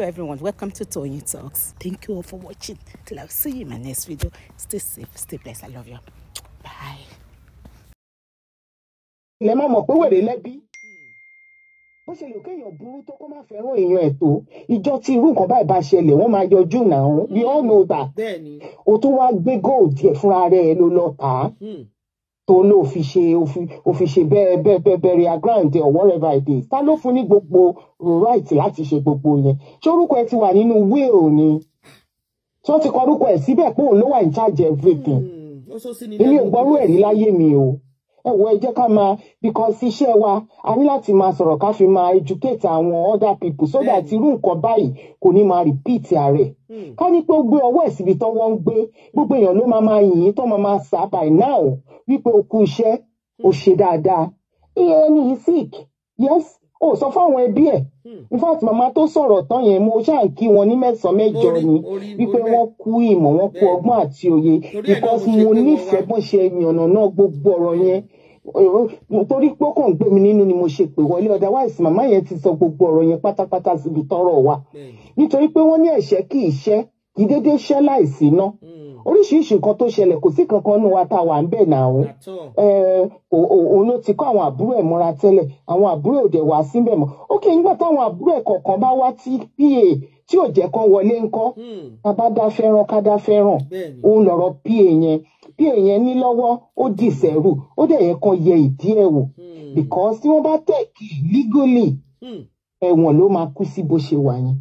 Hello everyone, welcome to Tony Talks. Thank you all for watching. Till I see you in my next video. Stay safe, stay blessed. I love you. Bye. Bó ṣe lè kéèyàn burú tó kó má fẹ́ràn èèyàn ẹ̀ tó. Ìjọ tí irú nǹkan báyìí bá ṣẹlẹ̀, wọ́n máa yọjú náà. We all know that. O tún wá gbé góòdì ẹ̀ fúnra rẹ̀ ló lọ tó lò fi ṣe ó fi ṣe bẹ́ẹ̀ bẹ́ẹ̀ bẹ́ẹ̀ bẹ́ẹ̀ reagrant or whatever it is ta ló fún ní gbogbo right láti ṣe gbogbo yẹn ṣé orúkọ ẹ ti wà nínú will ni tí wọ́n ti kọ orúkọ ẹ̀ síbẹ̀ pé òun ló wà in charge everything hmm, èmi ò gbọ́rú ẹ̀rí láyé mi o ẹ wọ ẹ ká máa because iṣẹ́ wa a ní láti máa sọ̀rọ̀ ká fi máa educate àwọn other people so that hmm. irú nǹkan báyìí kò ní máa repeat ààrẹ hmm. ká ní pé ó gbé ọwọ́ ẹ̀ síbi tọ́wọ́ ń gbé gbogbo èèyàn ló máa máa yìn tó máa máa sá by now wípé o kú iṣẹ́ o hmm. ṣe dáadáa ẹni yìí sick yes ó sọ fáwọn ẹbí ẹ̀ hmm. in fact màmá tó sọ̀rọ̀ tán yẹn mo ṣáà kí wọn ní mẹ́sàn-án mẹ́jọ ni wípé wọ́n kú ìmọ̀ wọ́n kú ọgbọ́n àti òye because mo nífẹ̀ẹ́ bọ́n ṣe yànnà náà gbogbo ọ̀rọ̀ yẹn torí pé ó kàn gbé mi nínú ni mo ṣe pè wọlé otherwise màmá yẹn ti sọ gbogbo ọ̀rọ̀ yẹn pátápátá síbi tọ́rọ̀ wà nítorí pé wọ́n ní ẹ̀ṣẹ̀ kì í ṣẹ́ kì í déédéé ṣẹ́ láìsí náà hmm. Mm. oríṣiríṣi nǹkan tó ṣẹlẹ̀ kò sí kankan nínú wa tá a wà ń bẹ̀ náà òun ló ti kọ́ àwọn àbúrò ẹ̀ múra tẹ́lẹ̀ àwọn àbúrò ẹ̀ òdẹ̀ wá síbẹ̀ mọ́ ókè nígbà táwọn àbúrò ẹ̀ kọ̀ọ̀kan bá wá tí pa tí ò jẹ́ kán wọlé ńkọ́ ká mm. bá dá fẹ́ràn ká dá fẹ́ràn òun lọ̀rọ̀ pa yẹn bí èèyàn ní lọ́wọ́ ó dì sẹ́rù ó dẹ̀ yẹ kan yẹ ìdí ẹ̀ wò mm. because tí wọ́n bá tẹ̀kì legally ẹ̀wọ̀n ló máa kú sí bó ṣe wà yẹn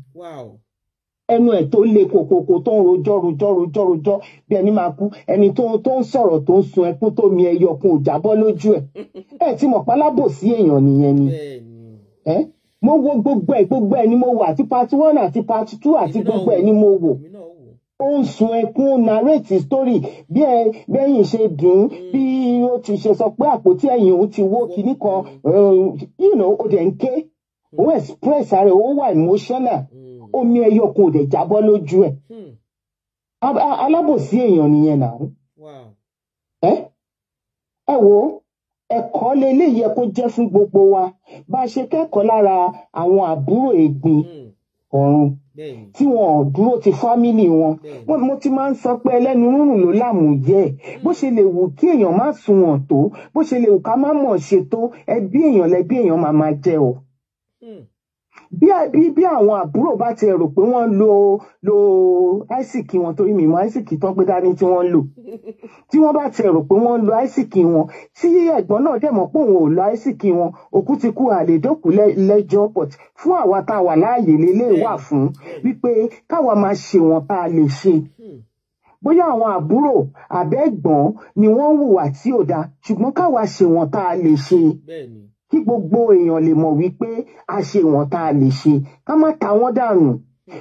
ẹnu ẹ̀ tó le kòkòkò tó ń rojọ́ rojọ́ rojọ́ rojọ́ bí ẹni máa kú ẹni tó tó ń sọ̀rọ̀ tó ń sun ẹkún tó mi ẹyọ kun ò jábọ́ lójú ẹ̀ ẹ̀ tí mọ̀ pálábò sí èèyàn nìyẹn ni ẹ́ mo wo gbogbo ẹ̀ gbogbo ẹ̀ ni mo wò àti part one àti part two àti gbogbo ẹ̀ ni mo wò ó ń sun ẹkún narrate story bí ẹ bẹ́yìn ṣe dùn mm. bí ó ti ṣe sọ pé àpótí ẹ̀yìn òun ti wó kinní kan um, you know ó dẹ̀ ń ké ó hmm. express ara ẹ̀ ó wà emotional hmm. omi ẹyọ kan ò dẹ̀ jábọ́ lójú ẹ̀ hmm. alábòsí èèyàn nìyẹn náà ẹ ẹ wo ẹ̀kọ́ leléyìí ẹ kó jẹ́ fún gbogbo wa bá a ṣe kẹ́kọ̀ọ́ lára àwọn àbúrò ègbin ọ̀run tí wọn ò dúró ti fámìlì wọn mo ti máa ń sọ pé ẹlẹ́nu rúrùn ló lámùyẹ bó ṣe lè wù kí èèyàn má sunwọ̀n tó bó ṣe lè wù ká má mọ̀ ṣe tó ẹbí èèyàn lẹbí èèyàn máa máa jẹ o. Hmm. bí bí bí àwọn àbúrò bá ti rò pé wọ́n lo lo àìsíkì wọn torí mi mọ̀ àìsíkì tán pé dání tí wọ́n lò tí wọ́n bá ti rò pé wọ́n lo àìsíkì wọn tí ẹ̀gbọ́n náà dẹ̀ mọ̀ pé òun ò lo àìsíkì wọn òkú ti kú àlèdókù lẹ́jọ́ pọt fún àwa tá a wà láàyè lélẹ̀ wà fún wípé káwa máa ṣe wọn tá a lè ṣe hmm. bóyá àwọn àbúrò àbẹ́gbọ́n ni wọ́n hùwà tí ò dáa ṣùgbọ́n káwa ṣe wọn tá a lè ṣe. bẹ́ẹ̀ni kí gbogbo èèyàn lè mọ̀ wípé a ṣe wọn tá a lè ṣe ká má ta wọ́n dànù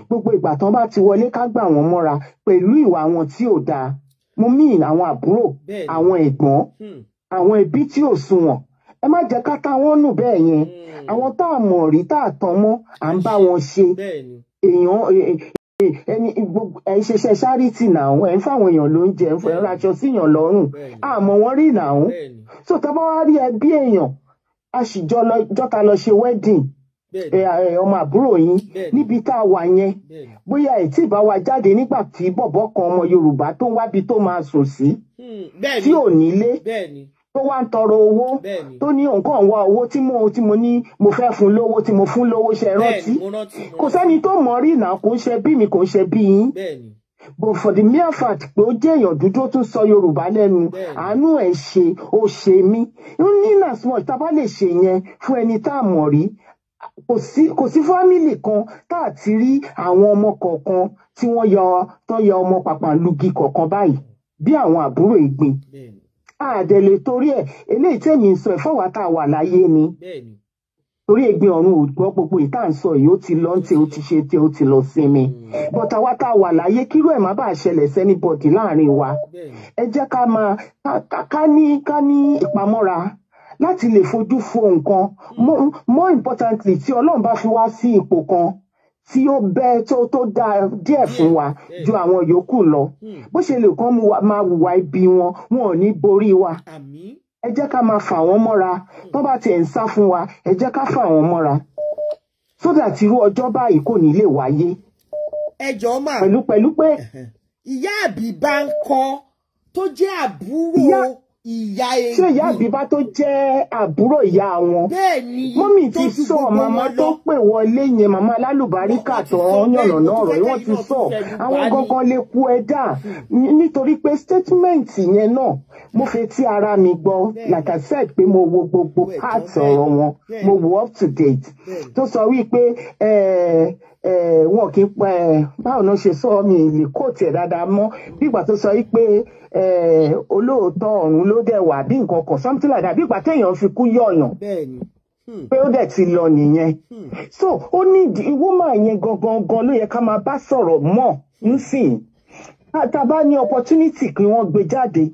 gbogbo ìgbà tán bá ti wọlé ká gbà wọ́n mọ́ra pẹ̀lú ìwà wọn tí ò dáa mo mean àwọn àbúrò àwọn ẹ̀gbọ́n hmm. àwọn ẹbí tí ò sunwọ̀n ẹ má jẹ́ ká ta wọ́n nù bẹ́ẹ̀ yẹn hmm. àwọn tá a mọ̀ rí tá a tán mọ́ à ń bá wọn ṣe èèyàn e, e, e, ẹni gbogbo ẹ ń ṣiṣẹ́ ṣáríìtì náà ẹ ń fáwọn èèyàn ló ń jẹ ẹ ń fọ ẹ ń raṣọ síyàn lọ́rùn àmọ́ wọ́n rí náà tó tọ́ bá wá rí ẹbí èèyàn a sì jọta lọ ṣe wedding eh, eh, ọmọ àbúrò yín níbi tá a wà yẹn bóyá ẹ tí bá wa jáde nígbà tí bọ̀bọ̀ kan ọmọ yorùbá tó ń wábi tó máa sùn sí hmm, tí ò nílé tó wá ń tọrọ owó tó ní nǹkan wá owó tí mo tí mo ní mo fẹ́ fún lówó tí mo fún lówó ṣe rántí kò sẹ́ni tó mọ̀ rí ìnà kò ń ṣe bí mi kò ń ṣe bí yín. But for the mere fact pé ó jẹ́ èèyàn dúdú ó tún sọ yorùbá lẹ́nu àánú ẹ̀ ṣe ó ṣe mí nínú as much tá a bá lè ṣe yẹn fún ẹni tá a mọ̀ rí kò sí fámìlì kan tá a ti rí àwọn ọmọ kọ̀ọ̀kan tí wọ́n yọ tán yọ ọmọ pàpàǹlùgì kọ̀ọ̀kan báyìí bí àwọn àbúrò ìgbín àdẹ̀lẹ̀ torí ẹ̀ eléyìí tèmi ń sọ ẹ̀fọ́ wa tá a wà láyé ni torí ègbin ọ̀run ò gbọ́ gbogbo ìta ń sọ yìí ó ti lọ ń tẹ ó ti ṣe tẹ ó ti lọ sinmi hmm. but àwa tá a wà láyé kírú ẹ̀ má bàa ṣẹlẹ̀ sẹ́ni bọ̀dì láàrin wa ẹ jẹ́ ká máa ká ní ká ní ìpamọ́ra láti lè fojú fo nǹkan hmm. more importantly tí ọlọ́run bá fi wá sí ipò kan tí ó bẹ́ tó tó dáa díẹ̀ hmm. fún wa ju àwọn yòókù lọ bó ṣe lè kàn máa wùwà ibi wọn wọn ò ní borí wa ẹ jẹ́ ká máa fà wọ́n mọ́ra tó bá tiẹ̀ ń sá fún wa ẹ jẹ́ ká fà wọ́n mọ́ra so that irú ọjọ́ báyìí kò ní lè wáyé. ẹ jọ̀ọ́ mà pẹ̀lú pé. ìyá àbí bá ń kọ́ tó jẹ́ àbúrò ìyá èyí. tí ìyá àbíbá tó jẹ́ àbúrò ìyá wọn. bẹ́ẹ̀ni mọ́mì ti sọ màmá tó pè wọlé yẹn màmá alálùbáríkà tó yànnà náà rẹ̀ wọ́n ti sọ àwọn gangan lè ku ẹ̀dá nítorí pé statement yẹn náà mo fẹ́ tí ara mi gbọ́ like I said pé mo wo gbogbo parts ọ̀rọ̀ wọn mo wo up to date tó sọ wípé ẹ̀ẹ́. Eh, wọn kì í pa báwo ló ṣe sọ mi lè kó tiẹ̀ dáadáa mọ́ bígbà tó sọ pé olóòótọ́ ọ̀run ló dẹ̀ wà bí nǹkan kan something like that bígbà téèyàn fi kú yọ̀yàn hmm. pé ó dẹ̀ ti lọ nìyẹn hmm. so ó ní woman yẹn gangan gan ló yẹ ká máa bá sọ̀rọ̀ mọ́ nísìnyí àtàbá ní opportunity kí wọ́n gbé jáde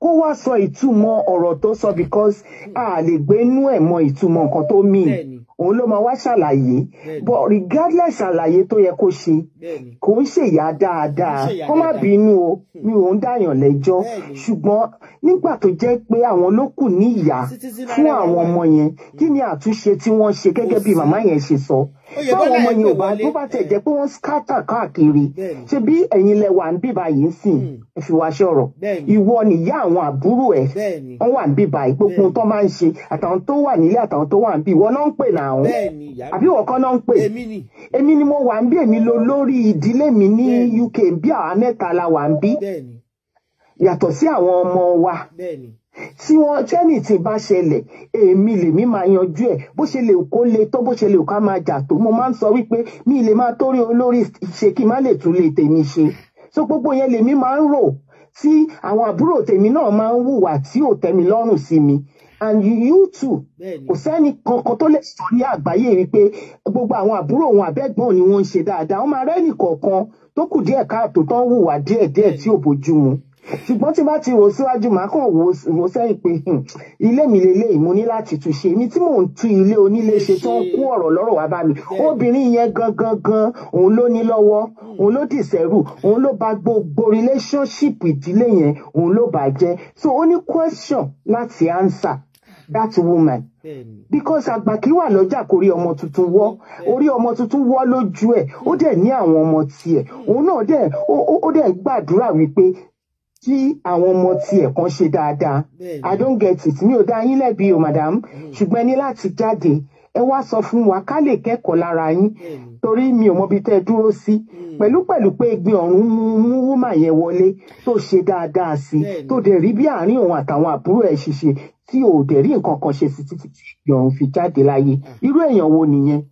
kó wá sọ ìtumọ̀ ọ̀rọ̀ tó sọ because a lè gbénú ẹ̀ mọ ìtumọ̀ nǹkan tó mean òun ló máa wá ṣàlàyé but regardless àlàyé tó yẹ kó ṣe kò ń ṣèyà dáadáa kó má bínú o hmm. mi ò ń dàyàn lẹ́jọ́ ṣùgbọ́n nígbà tó jẹ́ pé àwọn ló kù níyà fún àwọn ọmọ yẹn hmm. kí ni àtúnṣe tí wọ́n ṣe gẹ́gẹ́ bí màmá yẹn ṣe sọ báwọn ọmọ yẹn ò bá tó bá pé wọ́n scatter káàkiri ṣe bí ẹ̀yin lẹ ń bíbá yìí sìn. Hmm ẹ fi wá ṣe ọ̀rọ̀ ìwọ nìyá àwọn àbúrò ẹ wọn wà níbí báyìí gbogbo tó máa ń ṣe àtàwọn tó wà nílé àtàwọn tó wà níbí ìwọ náà ń pè náà ọ̀hún àbí ìwọ kan náà ń pè èmi ni mo wà ń bí èmi lo lórí ìdílé mi ní UK bí àwa mẹ́ta la wà ń bí yàtọ̀ sí àwọn ọmọ wa tí wọn tẹ́nì tí bá ṣẹlẹ̀ èmi lèmi máa yanjú ẹ̀ bó ṣe lè kó le tó bó ṣe lè ká máa jà tó mo máa ń sọ wípé mi lè máa torí olórí ṣe kí n má lè tún lè tèmi ṣe so gbogbo yẹn lèmi máa ń rò tí àwọn àbúrò tèmi náà máa ń hùwà tí ò tẹ́mi lọ́rùn sí mi and you too kò sẹ́ni kankan tó lè sọ ní àgbáyé wípé gbogbo àwọn àbúrò wọn àbẹ́gbọ́n ni wọ́n ń ṣe dáadáa wọ́n máa rẹ́nì kọ̀ọ̀kan tó kù díẹ̀ káàtó tó ń hùwà díẹ̀díẹ̀ tí ò bójú mu ṣùgbọ́n tí bá ti rò síwájú màá kàn wò sẹ́yìn pé hmm, ilé mi lélẹ́yìí mo ní láti tún ṣe èmi tí mò ń tu ilé onílé ṣe tó ń kó ọ̀rọ̀ lọ́rọ̀ wá bá mi obìnrin yẹn gangan gan òun ló ní lọ́wọ́ hmm. òun ló dìsẹ́rù òun ló bà gbogbo relationship ìdílé yẹn òun ló bà jẹ́ so ó ní question láti answer that woman because àgbà kì í wà lọ́jà kó rí ọmọ tuntun wọ́ orí ọmọ tuntun wọ́ lójú ẹ̀ ó dẹ̀ ní àwọn ọmọ tiẹ̀ hmm. òun náà dẹ̀ ó dẹ̀ gbàdúrà wípé tí àwọn ọmọ tiẹ̀ kan ṣe dáadáa i don't get it mi ò dá yín lẹ́bi o madam mm. ṣùgbọ́n ẹ ní láti jáde ẹ wá sọ fún wa ká lè kẹ́kọ̀ọ́ lára yín torí mi ò mọbi tẹ́ ẹ dúró sí pẹ̀lúpẹ̀lú mm. pé egbin ọ̀run mú mú wúmà yẹn wọlé tó ṣe dáadáa sí i tó dẹ̀ rí bí àárín òun àtàwọn àbúrò ẹ̀ ṣiṣe tí ò dẹ̀ rí nǹkan kan ṣe sí títí tí egbin fi jáde láyé ah. irú èèyàn wo nìyẹn.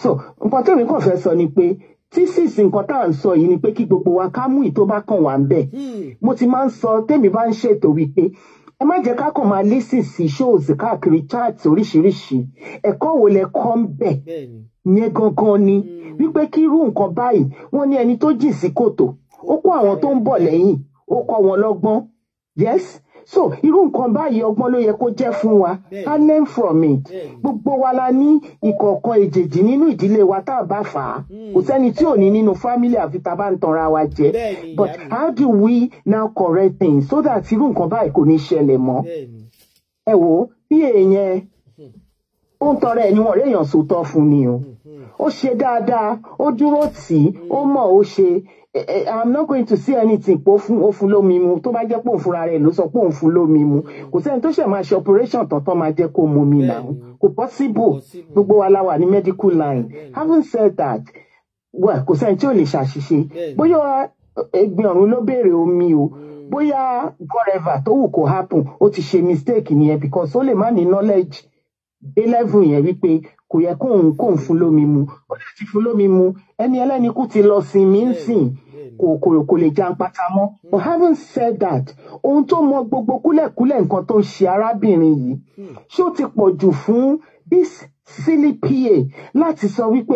so nǹkan tèmi kàn fẹ́ sọ ni pé tí sísìn nǹkan tá à ń sọ yìí ni pé kí gbogbo wa ká mú ìtó bá kàn wá ń bẹ̀ hmm. mo ti máa ń sọ tèmi bá ń ṣètò wípé ẹ má jẹ́ ká kàn máa lísìn sí shows káàkiri chat oríṣiríṣi ẹ̀kọ́ wo lẹ kọ́ ń bẹ̀ yẹn gangan ni hmm. wípé kí irú nǹkan báyìí wọ́n ní ẹni tó jìn sí kòtò ó kó àwọn tó ń bọ̀ lẹ́yìn ó kọ́ wọn lọ́gbọ́n yes so irú nǹkan báyìí ọgbọ́n ló yẹ kó jẹ́ fún wa ká learn from it gbogbo wa la ní ìkọ̀ọ̀kan èjèèjì nínú ìdílé wa tá a bá fà á hmm. kò sẹ́ni tí ò ní nínú family àfi tá a bá ń tanra wa jẹ but how do we now correct things so that irú nǹkan báyìí kò ní ṣẹlẹ̀ mọ́ ẹ wo bí èèyàn hmm. ó ń tọrọ ẹ ni wọn réèyàn sòótọ́ fún ni o hmm, ó ṣe dáadáa ó dúró tì í ó mọ̀ ó ṣe Eh, eh, i'm not going to see anything pé ó fún ó fún lómi mu tó bá jẹ́ pé òun fúnra rẹ̀ ló sọ pé òun lómi mu kò sẹ́ni tó ṣẹ̀ máa ṣe operation tọ̀tọ̀ máa jẹ́ kó mu mi náà kò possible gbogbo wa la wà ní medical line having said that well kò sẹ́ni tí ò lè ṣàṣìṣe bóyá ẹgbin ọ̀run ló béèrè omi o hmm. bóyá whatever tó wù kó happen ó ti ṣe mistake nìyẹn because ó lè má ní knowledge dé level yẹn wípé kò yẹ kóun kóun fún lómi mu ó lè ti fún lómi mu ẹni ẹlẹ́ni kú ti lọ sinmi ń sìn kò kò kò lè jan pátá mọ́ hmm. but having said that ohun tó mọ gbogbo kúlẹ̀kúlẹ̀ nǹkan tó ń ṣe arábìnrin yìí hmm. ṣé ó ti pọ̀ jù fún this silly pa láti sọ wípé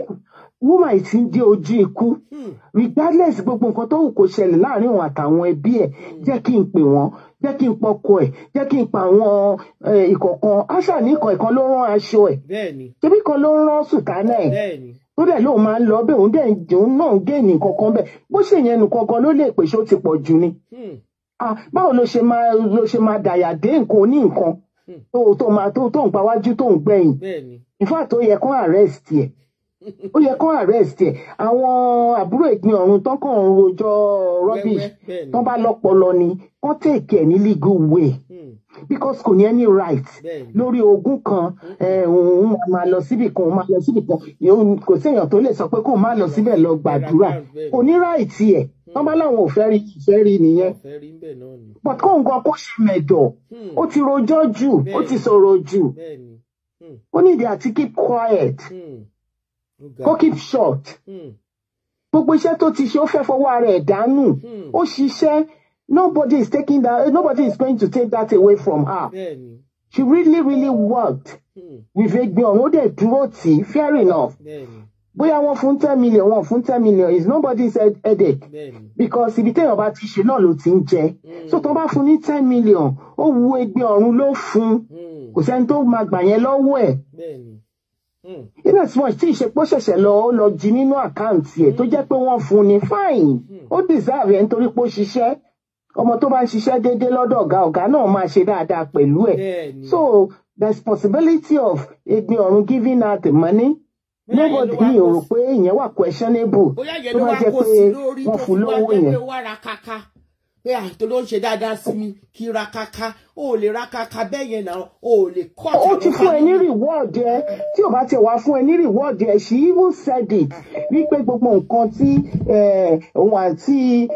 woman ti ń jẹ́ ojú ikú hmm. regardless gbogbo nǹkan tó wù kó ṣẹlẹ̀ láàrin òun àtàwọn ẹbí ẹ̀ hmm. jẹ́ kí n pè wọ́n jẹ́ kí n pọkọ ẹ̀ jẹ́ kí n pa àwọn ìkọ̀kan aṣa ní ìkọ̀kan ló rán aṣọ ẹ̀ tẹ́bí kan ló rán sùkánà ẹ̀ tó dẹ̀ lóun máa ń lọ bẹ́ẹ̀ òun dẹ̀ òun náà gẹ̀ẹ́nì kankan bẹ́ẹ̀ bó ṣe yẹn nù kankan ló lè pèsè ó ti pọ̀ jù ni hmm. báwo ló ṣe máa ló ṣe máa dàyà dé nǹkan oní nǹkan tó tó máa tó tó ń pa wájú tó ń gbẹ̀yìn ìfáà tó yẹ kán arrest yẹn ó yẹ kó arrest ẹ àwọn àbúrò ìpín ọ̀run tán kàn ń rojọ́ rubbish tán bá lọ́pọlọ ni kán tèkì ẹ̀ ní legal way hmm. because kò ní any right lórí ogún hmm. eh, kan òun máa lọ síbì kan òun máa lọ síbì kan kò séèyàn tó lè sọ pé kóun máa lọ síbẹ̀ lọ gbàdúrà kò ní right ẹ̀ hmm. tán bá láwọn ò fẹ́ rí ìfẹ́ rí nìyẹn but kóun gan kó ṣe mẹ̀dọ̀ ó ti rojọ́ jù ó ti sọ̀rọ̀ jù ó nídìí àti keep quiet. Hmm ó keep short hmm. gbogbo iṣẹ́ tó ti ṣe ó fẹ́ fọwọ́ ara ẹ̀ dànù hmm. ó ṣiṣẹ́ nobody is taking that nobody is going to take that away from her she really really hmm. worked with egbe ọ̀hún ó dẹ̀ dúró tì í fair enough bóyá wọ́n fún ten million wọ́n fún ten million is nobody said headache because ibi téèyàn bá ti ṣe náà ló ti ń jẹ so tó bá fún ní ten million ó wu egbe ọ̀run ló fún kò sẹ́ni tó máa gbà yẹn lọ́wọ́ ẹ̀. Hmm. nínú ìsìnkú tí ìṣepọ ṣẹ̀ṣẹ̀ lọ ó lọ jí nínú àkáǹtì ẹ̀ tó jẹ́ pé wọ́n fún ni fine hmm. ó deserve ẹ̀ nítorí pé ó ṣiṣẹ́ ọmọ tó bá ń ṣiṣẹ́ déédéé lọ́dọ̀ ọ̀gá ọ̀gá náà máa ṣe dáadáa pẹ̀lú ẹ̀ so the responsibility of ẹgbẹ́ ọ̀run giving out the money nobody mi ò rò pé ìyẹn wà questionable tó bá jẹ́ pé wọ́n fún lówó yẹn pé àtò ló ń ṣe dáadáa sí mi kí ra kaka ó lè ra bẹ́ẹ̀ yẹn náà ó lè kọ́ ó ti fún ẹ ní reward ẹ tí ò bá ti wá fún ẹ ní reward ẹ she even said it wípé gbogbo nǹkan tí òun àti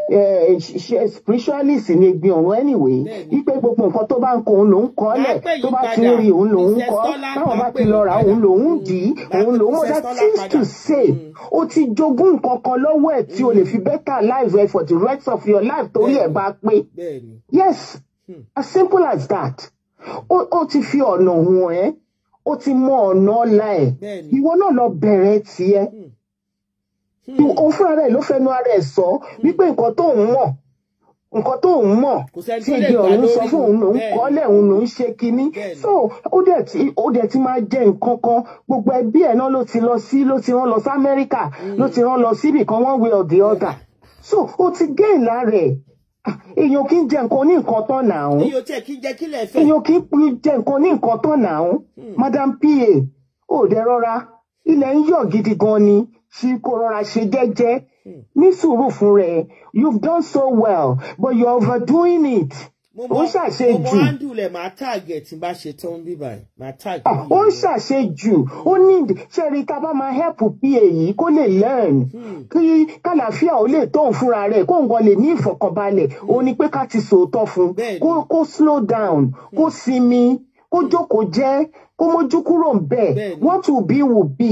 spiritualist ni gbin ọ̀run anyway wípé gbogbo nǹkan tó bá ń kọ òun lòún kọ́ lẹ̀ tó bá ti ń rí òun lòún kọ́ táwọn bá ti lọ rà òun lòún mm, dì í òun lòún mọ̀ that seems to say mm. ó ti jogún nǹkan kan lọ́wọ́ ẹ̀ tí o lè fi better life for the rest of your life torí ẹ̀ bá pé yes hmm. as simple as that O, ti fi ọ̀nà hùn ẹ́ ó ti mọ ọ̀nà ọ̀la ẹ̀ ìwọ náà lọ bẹ̀rẹ̀ tiẹ̀ hmm. hmm. òun fúnra rẹ̀ ló fẹnu ara ẹ̀ sọ wípé nǹkan tó ń mọ̀ nǹkan tó ń mọ̀ tí ibi ọ̀hún sọ fún òun lòún kọ́lẹ̀ òun lòún ṣe kinní so ó dẹ̀ ti ó dẹ̀ ti máa jẹ nǹkan kan gbogbo ẹbí ẹ̀ náà ló ti lọ sí ló ti rán lọ sí Amẹ́ríkà ló ti rán lọ síbì kan one way or the other so ó ti gé ìlà rẹ̀ èèyàn kì í jẹ nǹkan ní nǹkan tán náà. èèyàn tiẹ̀ kì í jẹ kílẹ̀ fẹ́. èèyàn kì í jẹ nǹkan ní nǹkan tán náà. Hmm. madam pa ò dẹ rọra ilẹ̀ ń yọ̀ gidi gan ni fi kó rọra ṣe jẹ́jẹ́ hmm. ní sùúrù fún rẹ̀ you've done so well but you're overdoing it ó ń ṣàṣe jù. target tí n bá ṣe tán bí target. Ah, ó ń ṣàṣe jù ó ní ṣẹ́rí tá bá máa help pa èyí kó lè learn hmm. kí kàlàfíà ó lè tóun fúnra rẹ̀ kó nǹkan lè ní ìfọ̀kànbalẹ̀ hmm. ó ní pé ká ti sòótọ́ fún kó slow down kó hmm. sinmi kó jókòó jẹ́ kó mójú kúrò ń bẹ̀ what will be will be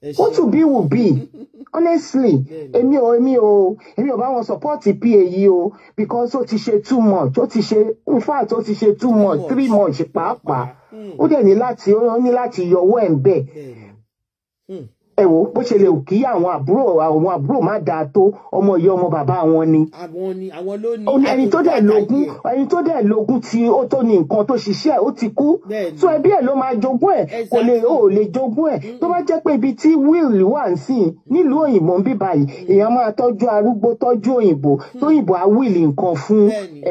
what will be will be honestly Emi o Emi o. Emi o, bá wọn support pa yìí o because ó ti ṣe too much ó ti ṣe in fact ó ti ṣe too much three months Papa. Hmm. ó dẹ̀ ní láti ó ní láti yọwọ́ ẹ̀ ń bẹ̀ ẹ wo bó ṣe lè kí àwọn àbúrò àwọn àbúrò má dáa tó ọmọ ìyá ọmọ bàbá wọn ni. ẹni tó dẹ̀ lógún ẹni tó dẹ̀ lógún tí ó tó ní nǹkan tó ṣiṣẹ́ ó ti kú. so ẹbí ẹ̀ ló máa jogún ẹ̀ kò lè ó lè jogún ẹ̀ tó bá jẹ́ pé ibi tí wíìlì wà ń nílùú òyìnbó ń bí báyìí èèyàn máa tọ́jú arúgbó tọ́jú òyìnbó hmm. tóyìnbó á wíìlì nǹkan fún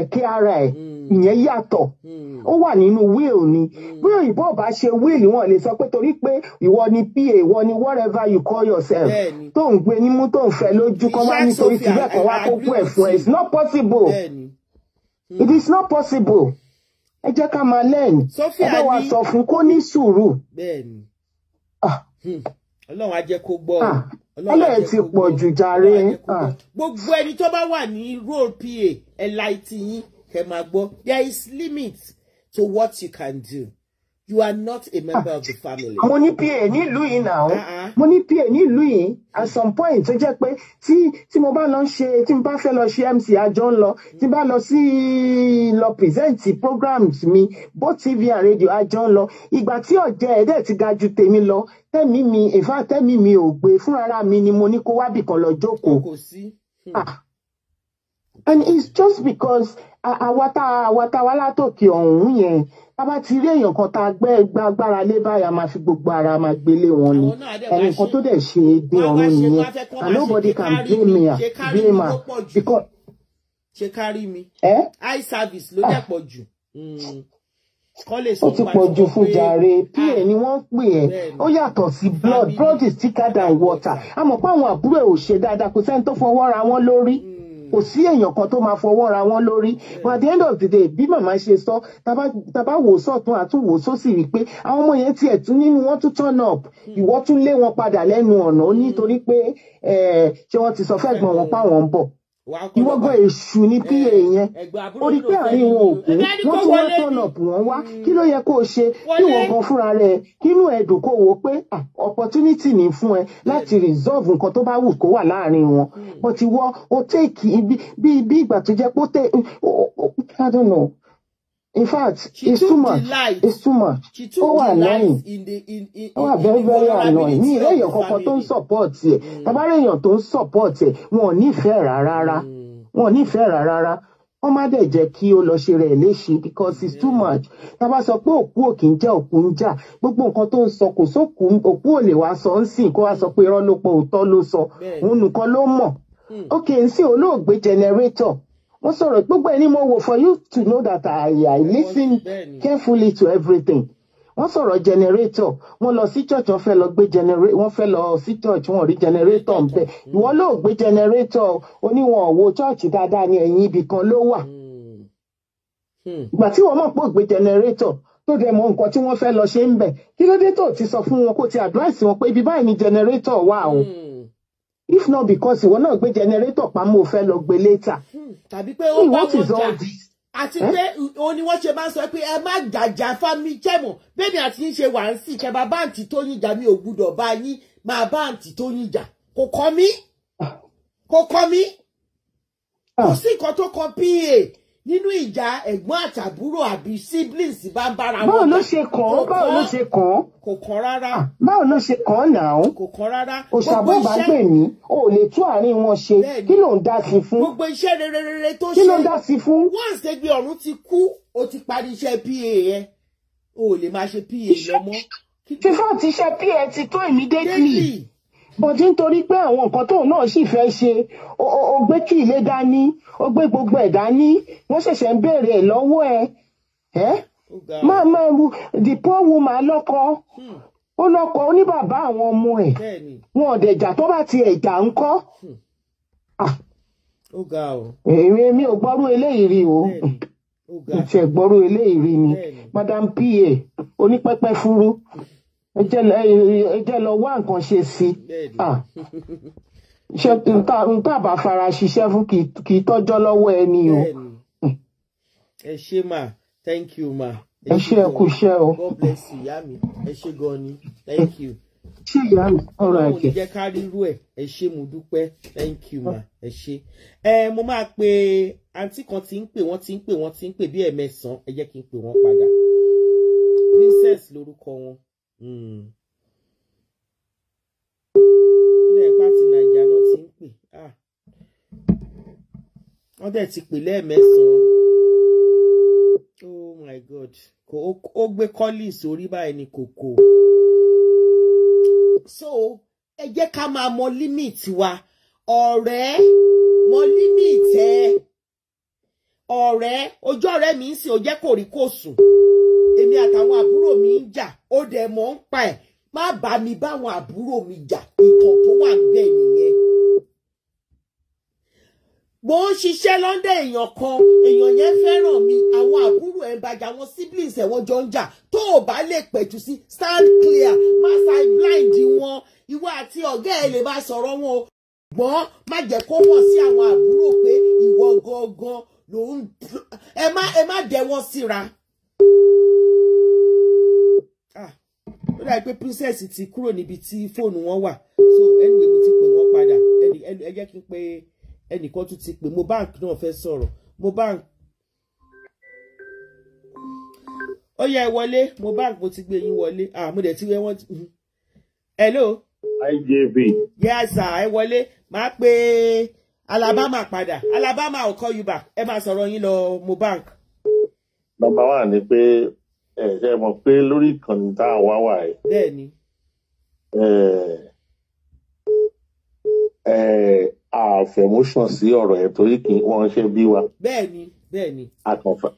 ẹ̀kẹ́ ara ẹ̀. Hmm. Hmm. ìyẹn yàtọ̀ hmm. ó wà nínú will ni hmm. bí òyìnbó bá ṣe will wọn lè sọ pé torí pé ìwọ ni pa ìwọ ni whatever you call yourself tó ń gbé nímú tó ń fẹ́ lójú kan wá nítorí tìbẹ̀ kan wá kó kú fún ẹ it's not possible it is not possible ẹ jẹ́ ká máa lẹ́yìn ẹ bá wa sọ fún kó ní sùúrù. Ah. ọlọ́run á jẹ́ kó gbọ́ ah. ọlọ́run ti pọ̀ jù jàre. Ah. gbogbo ẹni tó bá wà ní role pa ẹ̀ láì tì yín kẹ́ máa gbọ́ there is limit to what you can do you are not a member of the ah, family. mo ní pa nílùú yìí náà ah, ah. mo ní pa nílùú yìí at some point tó jẹ́ pé tí tí mo bá lọ ṣe tí mo bá fẹ́ lọ ṣe mc àjọ ń lọ tí mo bá lọ sí lọ present programs mi both tv and radio àjọ ń lọ ìgbà tí ọ̀jẹ̀ ẹ̀dẹ̀ ti ga ju tèmi lọ tẹ̀mí mi in fact tẹ̀mí mi ò gbé fúnra mi ni mo ní kó wábì kan lọ jókòó and it's just because àwa tá wa látòkè ọ̀hún yẹn tá bá ti rí èèyàn kan tá a gbẹ́ gba agbára lé báyà máa fi gbogbo ara máa gbélé wọn ni ẹnì kan tó dẹ̀ ṣe é gbé ọ̀run nìyẹn and nobody can blame me ah, blame her because. ṣe kárí mi eh? eye service ló dẹ̀ ah. pọ̀ jù hmm. ó ti pọ̀ jù fún jàre pa ah. ni wọ́n pè ẹ́ ó yàtọ̀ sí blood blood is thicker than water àmọ́ pé àwọn àbúrò ò ṣe dáadáa kò sẹ́ni tó fọwọ́ ra wọn lórí. Mm kò sí èèyàn kan tó máa fọwọ́ ra wọn lórí but at the end of the day bí màmá ṣe sọ tàbá wò sọ̀tún àtúnwò sósì rí pé àwọn ọmọ yẹn tiẹ̀ tún nínú wọn tún turn up hmm. ìwọ tún lé wọn padà lẹ́nu ọ̀nà nítorí hmm. pé eh, ṣé wọ́n ti sọ fẹ́gbọ́n wọn pa wọn bọ̀ ìwọ́gbọ́n èṣù ní pa yẹn ó rí pé àárín wọn ò pé wọ́n tún wá tọ̀nà bù wọ́n wá hmm. kí ló yẹ kó o ṣe kí wọ́n gan fúnra rẹ̀ kínú ẹ̀dùn kó wò pé ah, opportunity ní fún ẹ hmm. láti resolve nǹkan tó bá wù kó wà láàárín wọn bó ti wọ́ o take bí ìgbà tó jẹ́ pé ó take. I don't know in fact she it's too much life. it's too much ó wà annoying ó wà very very annoying ní ilé èèyàn kankan tó ń support ẹ mm. tabarí èèyàn tó ń support ẹ wọn ò nífẹ̀ẹ́ rárá mm. wọn ò nífẹ̀ẹ́ rárá wọ́n má dẹ̀ jẹ́ kí ó lọ ṣe rẹ̀ léṣe because it's too mm. much tábà sọ pé òkú ò kì í jẹ́ òkú ń jà gbogbo nǹkan tó ń sọ kò sókù òkú ò lè wá sọ ń sìn kó wá sọ pé irọ́ ló pọ̀ òótọ́ ló sọ òun nìkan ló mọ̀ ok ń sìn olóògbé generator wọ́n sọ̀rọ̀ gbogbo ẹ̀ ni mo wò for you to know that I, I listen carefully to everything wọ́n sọ̀rọ̀ generator wọ́n lọ sí church wọ́n fẹ́ lọ gbé generator wọ́n fẹ́ lọ sí church wọ́n rí generator ńbẹ ìwọ ló gbé generator oníwọ̀n wo church dáadáa ní ẹ̀yìn ibì kan ló wà hmm. Hmm. ìgbà tí wọ́n mọ̀ pé ó generator tó dẹ̀ mọ̀ nǹkan tí wọ́n fẹ́ lọ ṣe ń bẹ̀ kí ló dé tó ti sọ fún wọn kó ti advice wọn pé ibi báyìí ni generator wà o. Hmm if not because ìwọ náà gbé generator pamọ́ fẹ́ lọ gbé later. Hmm, tàbí pé ó bá wọn jà àti eh? pé òun ni wọ́n ṣe máa ń sọ pé ẹ má jàjà fámi jẹ́mọ̀ bẹ́ẹ̀ni àti ń ṣe wà ń sì kẹ́ bàbá àǹtí tó yín jà mi ò gbúdọ̀ bá yín máa bá àǹtí tó yín jà kò kọ́ mi ah. kò kọ́ mi ah. kò sí nǹkan tó kọ pa nínú ìjà ẹ̀gbọ́n àtàbúrò àbí siblings bá ń bára wọn. báwo ló ṣe kàn án báwo ló ṣe kàn án. kò kàn rárá. Ah, báwo ló ṣe kàn án náà. kò kàn rárá. òṣàbọ̀bàgbè mi ò lè tú àárín wọn ṣe kí ló ń dá sí fún. gbogbo iṣẹ́ rere tó ṣe kí ló ń dá sí fún. wọ́n ṣe gbé ọ̀run ti kú o ti parí iṣẹ́ pa yẹn o lè máa ṣe pa lọ mọ́. fífọ́ ti ṣe pa ti tó immediately bọ̀dí nítorí pé àwọn nǹkan tóun náà sì fẹ́ ṣe ó gbé kí ilé dání ó gbé gbogbo ẹ̀ dání wọ́n ṣẹ̀ṣẹ̀ ń béèrè ẹ̀ lọ́wọ́ ẹ̀ ẹ́ máa máa ru the poor woman lọ́kọ hmm. ó lọ́kọ ó ní bàbá àwọn ọmọ ẹ̀ wọn ọ̀dẹ̀jà tó bá ti ẹ̀jà ń kọ́ hmm. èrè mi ò gbọ́rú eléyìí rí o ìtẹ̀gbọ́rú eléyìí rí ni madam pa onípẹ́pẹ́ fúrú hmm ẹ jẹ́ lọ wá nǹkan ṣe sí ah. ṣe nta bá fara ṣiṣẹ́ fún kì í tọ́jọ́ lọ́wọ́ ẹni o. ẹ ṣé ma thank you ma. ẹ ṣé ẹ kú iṣẹ́ o. God bless you Yami. mi ẹ ṣé gan thank you. ṣé Yami. mi ọ̀rọ̀ ẹ̀kẹ́. mo lè jẹ́ ká rírú ẹ ṣé mo dúpẹ́ thank you ma ẹ ṣé. ẹ mo máa pe àǹtí kan tí ń pè wọ́n tí ń pè wọ́n tí ń pè bí ẹ̀mẹ́sàn-án ẹ jẹ́ kí n pè wọ́n padà princess lórúkọ wọn. ilẹ̀ hmm. ti wọ́n dẹ̀ ti pè lẹ́ẹ̀mẹ́sàn-án oh my god ó gbé kọ́lì sórí báyìí ní kòkó so ẹ jẹ́ ká mọ wa ọ̀rẹ́ mọ ẹ ọ̀rẹ́ mi ń sìn ó kò rí kò àtàwọn àbúrò mi ń jà ó dẹ̀ mọ̀ ń pa ẹ̀ má bá mi báwọn àbúrò mi jà ìtàn tó wà bẹ́ẹ̀ nìyẹn. mo ń ṣiṣẹ́ lọ́ndẹ̀ èèyàn kan èèyàn yẹn fẹ́ràn mi àwọn àbúrò ẹ̀ ń bàjẹ́ àwọn siblings ẹ̀ jọ ń jà tó o bá lè pẹ̀tù sí stand clear má blind wọn ìwọ àti ọ̀gá ẹ̀ lè bá sọ̀rọ̀ wọn o ṣùgbọ́n má jẹ́ kó wọ̀ sí àwọn àbúrò pé ìwọ gangan ló ń ẹ má ẹ má dẹ wọn síra ó dàbí pé princess ti kúrò níbi tí fóònù wọn wà so anyway mo ti pè wọn padà ẹ jẹ́ kí n pe ẹnìkan tún ti pè Mohbad náà fẹ́ sọ̀rọ̀ Mohbad ó yẹ ẹ wọlé Mohbad mo ti gbé yín wọlé ah mo dẹ̀ ti wẹ́ wọ́n hello. IJB. yes sir ẹ wọlé máa pe Alabama padà Alabama ò call you back ẹ máa sọ̀rọ̀ yín lọ Mohbad. number one ni pé ẹ ṣe mọ̀ pé lórí ìkànnì tá a wá wà ẹ. bẹ́ẹ̀ni. ẹ àfẹmúṣàn sí ọ̀rọ̀ ẹ torí kì í wọn ṣe bí wa. bẹ́ẹ̀ni bẹ́ẹ̀ni.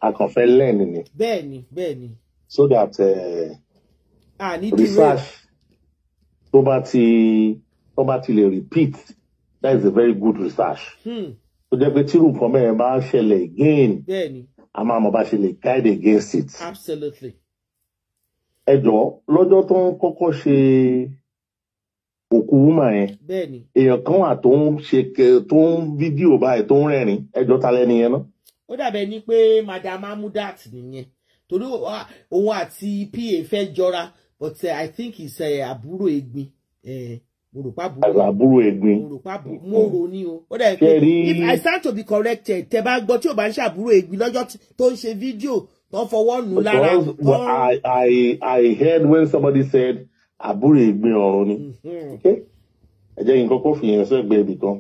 àkànfẹ́ lẹ́ẹ̀ni ni. bẹ́ẹ̀ni bẹ́ẹ̀ni. so that uh, research tó bá ti tó bá ti lè repeat that is a very good research. Hmm. tó jẹ́ pé tírù nǹkan mẹ́rin máa ń ṣẹlẹ̀ again. bẹ́ẹ̀ni a máa ṣe lè guide against it. absolutely. ẹ jọ̀ọ́ lọ́jọ́ tó ń kọ́kọ́ ṣe òkú wúmà yẹn èèyàn kan wà tó ń ṣe tó ń fídíò báyìí tó ń rẹ́rìn ẹ jọ̀ọ́ ta lẹ́ni yẹn náà. ó dàbẹ̀ ni pé madam amudat nìyẹn torí òun àti pa fẹ́ jọra but uh, i think he's eh, àbúrò egbin. Uh, mo rò pa burú àbúrò ẹ̀gbin if I start to be corrected tẹ bá gbọ́ tí ò bá ń ṣàbúrò ẹ̀gbin lọ́jọ́ tó ń ṣe fídíò tó fọwọ́ nù lára. but I I I heard when somebody said àbúrò ẹ̀gbin ọ̀run ni mm-hmm. ẹ jẹ́ kí n kọ́kọ́ fi yẹn sẹ́gbẹ́ ibì kan.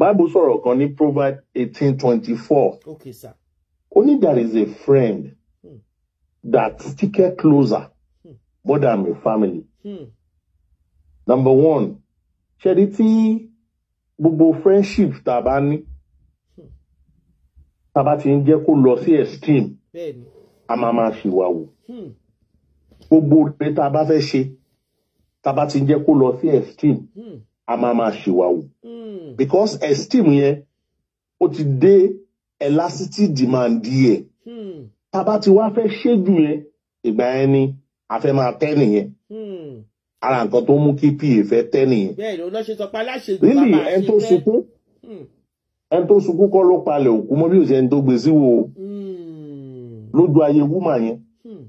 Bible sọ̀rọ̀ kan ní Proverbs eighteen twenty four ó ní there is a friend hmm. that sticketh closer hmm. more than my family. Hmm number one ṣẹ́ni tí gbogbo friendship tá a bá ní tá a bá ti ń jẹ́ kó lọ sí extreme a máa máa ṣìwà wò hmm. gbogbo rẹ̀ tá a bá ṣe tá a ti ń jẹ́ kó lọ sí extreme hmm. a máa máa ṣìwà wò hmm. because esteem yẹn ó ti dé elasticity demand díẹ̀ tá a bá ti wá fẹ́ ṣe jù yẹn ìgbà yẹn ni a fẹ́ máa tẹ́ nìyẹn. ara nkan tó mú kí pa fẹ tẹ nìyẹn. bẹ́ẹ̀ hmm. ẹni tó sunkún ẹni tó sunkún ló òkú bí ẹni tó gbé sí wo hmm. lójú ayé wúmà yẹn. Hmm.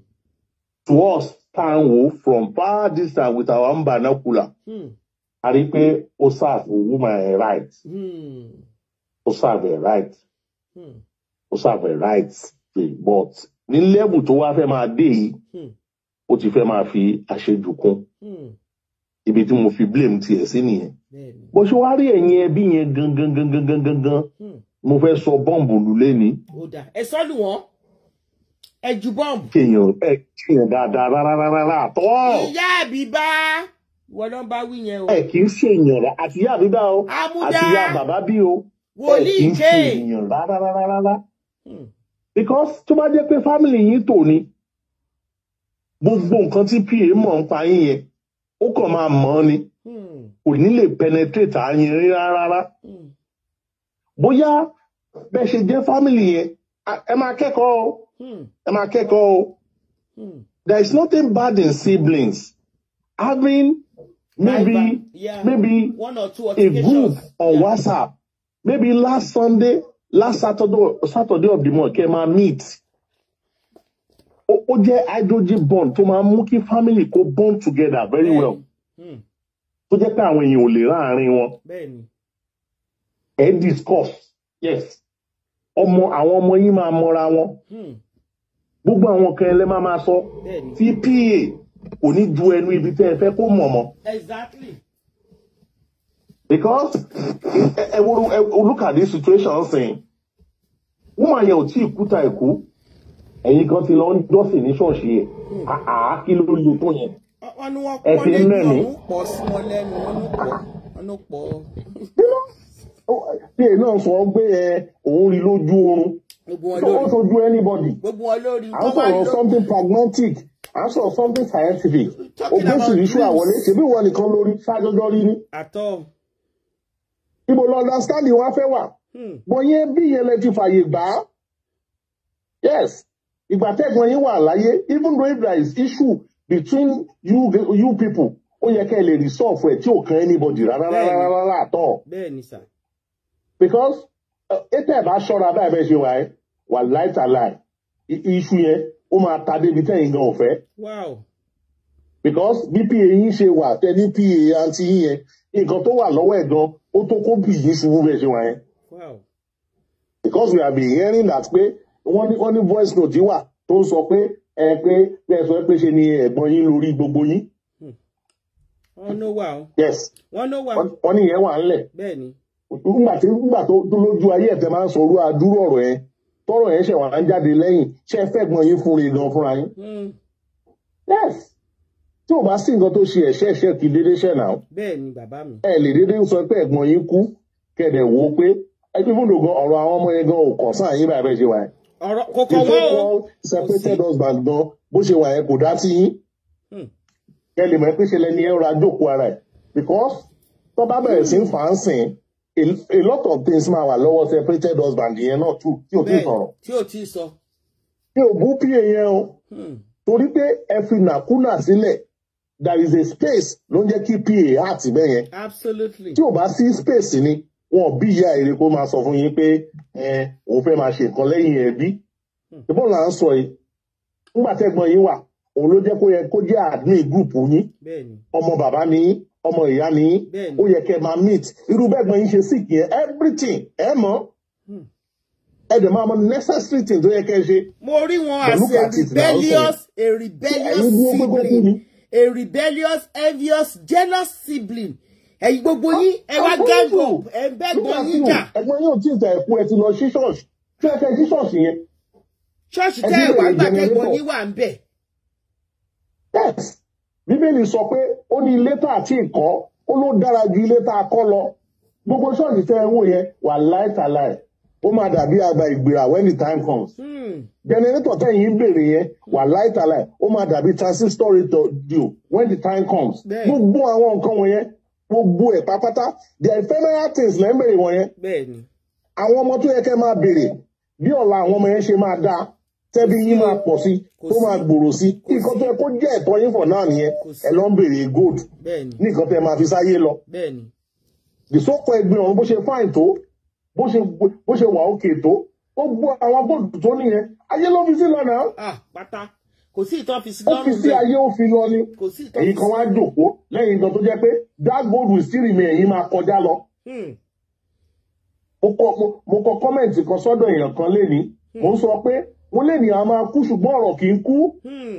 to us tá from far distance with our vernacular a rí pé ó serve right ó serve right ó serve right but ní lẹ́bù tó wá fẹ́ máa dé yìí. ó ti fẹ́ máa fi àṣejù kún hmm. ibi tí mo fi blame tiẹ̀ sí nìyẹn bó ṣe wá rí ẹ̀yin ẹbí yẹn gangan gangan gangan gangan hmm. mo fẹ́ sọ bọ́ǹbù lulẹ̀ ni. ẹ sọ lù wọ́n ẹ ju bọ́ǹbù. kéèyàn ẹ kéèyàn dáadáa rárá àtọ́. ìyá àbíbá ìwọ ló ń bá wí yẹn o. ẹ kì í ṣe èèyàn rẹ àti ìyá àbíbá o àti ìyá bàbá bí o ẹ kì í ṣe èèyàn rárá rárá. Hmm. because tó bá jẹ́ pé family yín tò ni gbogbo nǹkan tí pa mọ̀ ń pa yín yẹn ó kàn máa mọ̀ ọ́ ni hmm. kò ní lè penetrate àyìn rí rárá hmm. bóyá bẹ́ẹ̀ ṣe jẹ́ family yẹn ẹ máa kẹ́kọ̀ọ́ o hmm. ẹ máa kẹ́kọ̀ọ́ o there is nothing bad in siblings having maybe maybe a group on WhatsApp maybe last Sunday last Saturday Saturday of the month kẹ́ máa meet. ó jẹ́ hydrogen bond tó máa ń mú kí family kó bond together very well hmm. tó jẹ́ pé àwọn èèyàn ò lè láàárín wọn ẹ discuss yes ọmọ àwọn ọmọ yín máa mọra wọn hmm. gbogbo àwọn kan ẹlẹ́ máa máa sọ tí pa kò ní ju ẹnu ibi tẹ́ ẹ fẹ́ kó mọ̀ mọ́. Exactly. because ẹ wo look at this situation sin woman yẹn ò tí ì kúta ẹ̀yin kan ti lọ ń dọ́sìn ní ṣọ́ọ̀ṣì ẹ̀ àá kí ló lò tó yẹn ẹ ti ń rẹ̀ mí. bí èyí náà sọ gbé ẹ òun rí lójú oorun ó sojú anybody à ń sọ̀rọ̀ something pragmatic à ń sọ̀rọ̀ something scientific ògbésìrì ṣú àwọlé ṣèbí ìwọ nìkan lórí ṣáájọjọ rí ni. ibo lọ understanding wa fẹ́ wà hmm. bọ́yẹn bí yẹn lẹ ti fààyè gbà á yes ìgbà tẹ́gbọ́n yín wà láyé even though if there is issue between you you people ó yẹ kẹ́ ẹ lè resolve ẹ̀ tí ò kan anybody rárá rárá rárá àtọ̀. because ètò ẹ̀ bá ṣọ́ra báyìí bẹ́ẹ̀ ṣe wà ẹ́ wà láìta láì iṣu yẹn ó máa ta débi tẹ́yìn gan ọ̀fẹ́. wow. because bí pa yín ṣe wà tẹ ní pa àǹtí yín yẹn nǹkan tó wà lọ́wọ́ ẹ̀ gan ó tó kó bì yín ṣubú bẹ́ẹ̀ ṣe wà yẹn. wow. because we have been hearing that pé wọ́n ní wọ́n ní voice note wà tó ń sọ pé ẹ pé bí ẹ sọ pé ṣe ni ẹ̀gbọ́n yín lórí gbogbo yín. Hmm. wọ́n ló wà o. yes wọ́n ló wà o. wọ́n ní ìyẹn wà ńlẹ̀. bẹ́ẹ̀ni. nígbà tí nígbà tó lójú ayé ẹ̀tẹ̀ máa ń sọ orú adúrú ọ̀rọ̀ yẹn tọ́rọ̀ yẹn ṣẹ̀ wà ń jáde lẹ́yìn ṣe é fẹ́ gbọ́n yín fúnra ìdán fúnra yín. Hmm. yes tí o bá sí nǹkan tó ṣe ẹ̀ṣẹ̀ ẹ̀ṣẹ̀ kì í dédé ṣẹ̀ náà. bẹ́ẹ̀ni bàbá mi. ẹ lè dédé sọ pé ẹ̀gbọ́n yín kú kẹdẹ wò ó pé ẹbí fúnlò gan ọ̀rọ̀ àwọn ọmọ yẹn gan ò kọ sáà yín bàbá ẹ ṣe wáyé ọ̀rọ̀ separated husband gan bó ṣe wà yẹn kò dá sí yín. Hmm. kẹ́ lè mọ̀ pé ṣe lẹni ẹ ra ara ẹ̀ because tó bá bẹ̀rẹ̀ sí ń fà á sìn a lot of things máa wà lọ́wọ́ separated husband yẹn náà tù tí ò tí ì sọ̀rọ̀. tí ò tí ì sọ. ṣé ògún pa yẹn o hmm. torí pé ẹ fi nàkúnà sílẹ̀ there is a space ló ń jẹ́ kí pa àtìbẹ́yẹn. absolutely. tí ò bá sí space ni wọn bí ìyá èrè kó máa sọ fún yín pé òun fẹ́ máa ṣe nǹkan lẹ́yìn ẹbí ìbọn hmm. là ń sọ yìí nígbà tẹ́gbọ́n yín wà òun ló jẹ́ kó yẹ kó jẹ́ admin group yín ọmọ bàbá ni yín ọmọ ìyá ni yín ó yẹ kẹ́ máa meet irú bẹ́gbọ́n yín ṣe sick yẹn everything ẹ mọ̀ hmm. ẹ dẹ̀ máa mọ necessary thing tó yẹ kẹ́ ṣe. mo rí wọn as a rebellious a rebellious sibling a rebellious envious jealous sibling ẹ̀yin gbogbo yín ẹ wá gẹ́gò ẹ ń bẹ́gbọ́n yín jà. ẹ̀gbọ́n yóò tí ìta ẹ̀kú ẹ ti lọ sí ṣọ́ọ̀ṣì tí ẹ fẹ́ sí ṣọ́ọ̀ṣì yẹn. ṣọ́ọ̀ṣì tẹ́ ẹ wà gbàgbẹ́gbọ́n yín wà ń bẹ̀. yes bíbélì sọ pé ó ní ilé tá àti ìkọ́ ó ló dára ju ilé tá a kọ́ lọ gbogbo ṣọ́ọ̀ṣì tẹ́ ẹ ń wò yẹn wà láìtàláì ó máa dàbí àgbà ìgbìrà when the time comes. jẹnẹrétọ̀ hmm. tẹ̀yìn béèrè yẹn wà láìtàláì ó máa dàbí transistor radio when the time comes. gbogbo àwọn nǹkan wọ̀nyẹn gbogbo ẹ̀ pápátá the ephemeral things lẹ́ ń bèrè wọ̀nyẹn. bẹ́ẹ̀ni. àwọn ọmọ tó yẹ kẹ́ máa bèrè bí ọ̀la àwọn ọmọ yẹn ṣe máa dáa tẹ́bí yín máa pọ̀ sí tó máa gbòòrò sí nǹkan tó yẹ kó jẹ́ ẹ̀tọ́ yín fọ̀ náà nìyẹn ẹ lọ ń bèrè gold nǹkan tó yẹ máa fi sáyé lọ. ìsókò ẹgbẹ́ ọ̀run bó ṣe fáìn tó bó ṣe wà òkè tó ó gbọ́ àwọn gold tó nìyẹn ayé ló fi sí lọ náà. Ah, pátá kò sí ìtọ́ fi sí lọ́rùn lọ ni èyí kan wá jòkó lẹ́yìn nǹkan tó jẹ́ pé that gold will èyí máa kọjá hmm. mo kọ kọ́mẹ̀ntì kan sọ́dọ̀ èèyàn kan lénìí hmm. mo ń sọ pé wọ́n lè ni máa kú ṣùgbọ́n ọ̀rọ̀ kì í kú. Hmm.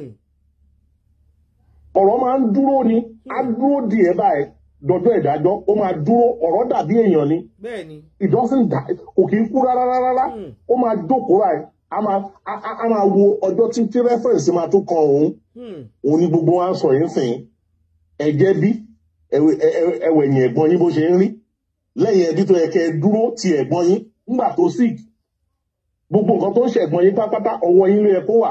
ọ̀rọ̀ máa ń dúró ni á dúró di báyìí dọjọ́ ìdájọ́ ó máa dúró ọ̀rọ̀ dàbí ni kò kì í kú rárá rárá ó máa a máa wo ọjọ́ tí tí rẹ́fẹ̀rẹ̀sì máa tún kan òun hmm. òun ni gbogbo wa sọ yín sìn ẹ̀jẹ̀ bí ẹ̀wẹ̀ yẹn ẹ̀gbọ́n yín bó ṣe ń rí lẹ́yìn ẹbí tó yẹ kẹ́ ẹ dúró ti ẹ̀gbọ́n yín nígbà tó sick gbogbo nǹkan tó ń ṣẹ̀gbọ́n yín pátápátá ọwọ́ yín ló yẹ kó wà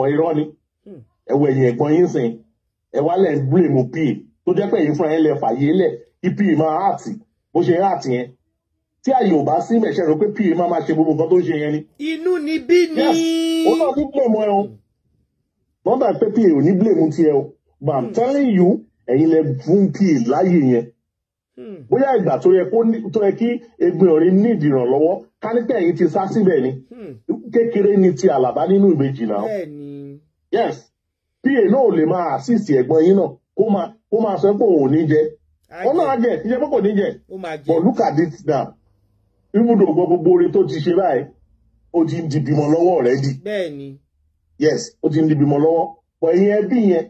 ọ̀ irọ́ ni hmm. ẹ̀wẹ̀ yẹn ẹ̀gbọ́n yín sìn ẹ̀wá lẹ̀ ń blame pa tó jẹ́ pé èyí fúnra yín lẹ fàyè lẹ̀ ipa máa hàtì bó ṣe hàtì yẹn tí àyè ò bá sí mẹ̀ṣẹ̀ rò pé pa máa máa ṣe gbogbo nǹkan tó ń ṣe yẹn ni. inú ni bí ni. ó náà ní blame ẹ o nọ́mbà pé pa ò ní blame tiẹ̀ o but i'm hmm. telling you ẹ̀yin lẹ fún pa láàyè yẹn hmm. bóyá ìgbà tó yẹ kí Egbin Ọ̀rẹ́ ní ìdìrànlọ́wọ́ kánípẹ̀ ẹ̀yin ti sá síbẹ̀ ni hmm. kékeré ni ti Àlàbá nínú ìbejì náà yes pa náà lè máa assist ẹ̀gbọ́n yín náà kó máa sọ pé òun ò ní jẹ ọ náà ìjẹ́ pé kò ní jẹ but look at now ìmúdò gbogbo orin tó ti ṣe báyìí ó ti ń di bímọ lọ́wọ́ rẹ̀ di. bẹ́ẹ̀ni. yes ó ti ń di bímọ lọ́wọ́ bọ̀ ẹ̀yin ẹbí yẹn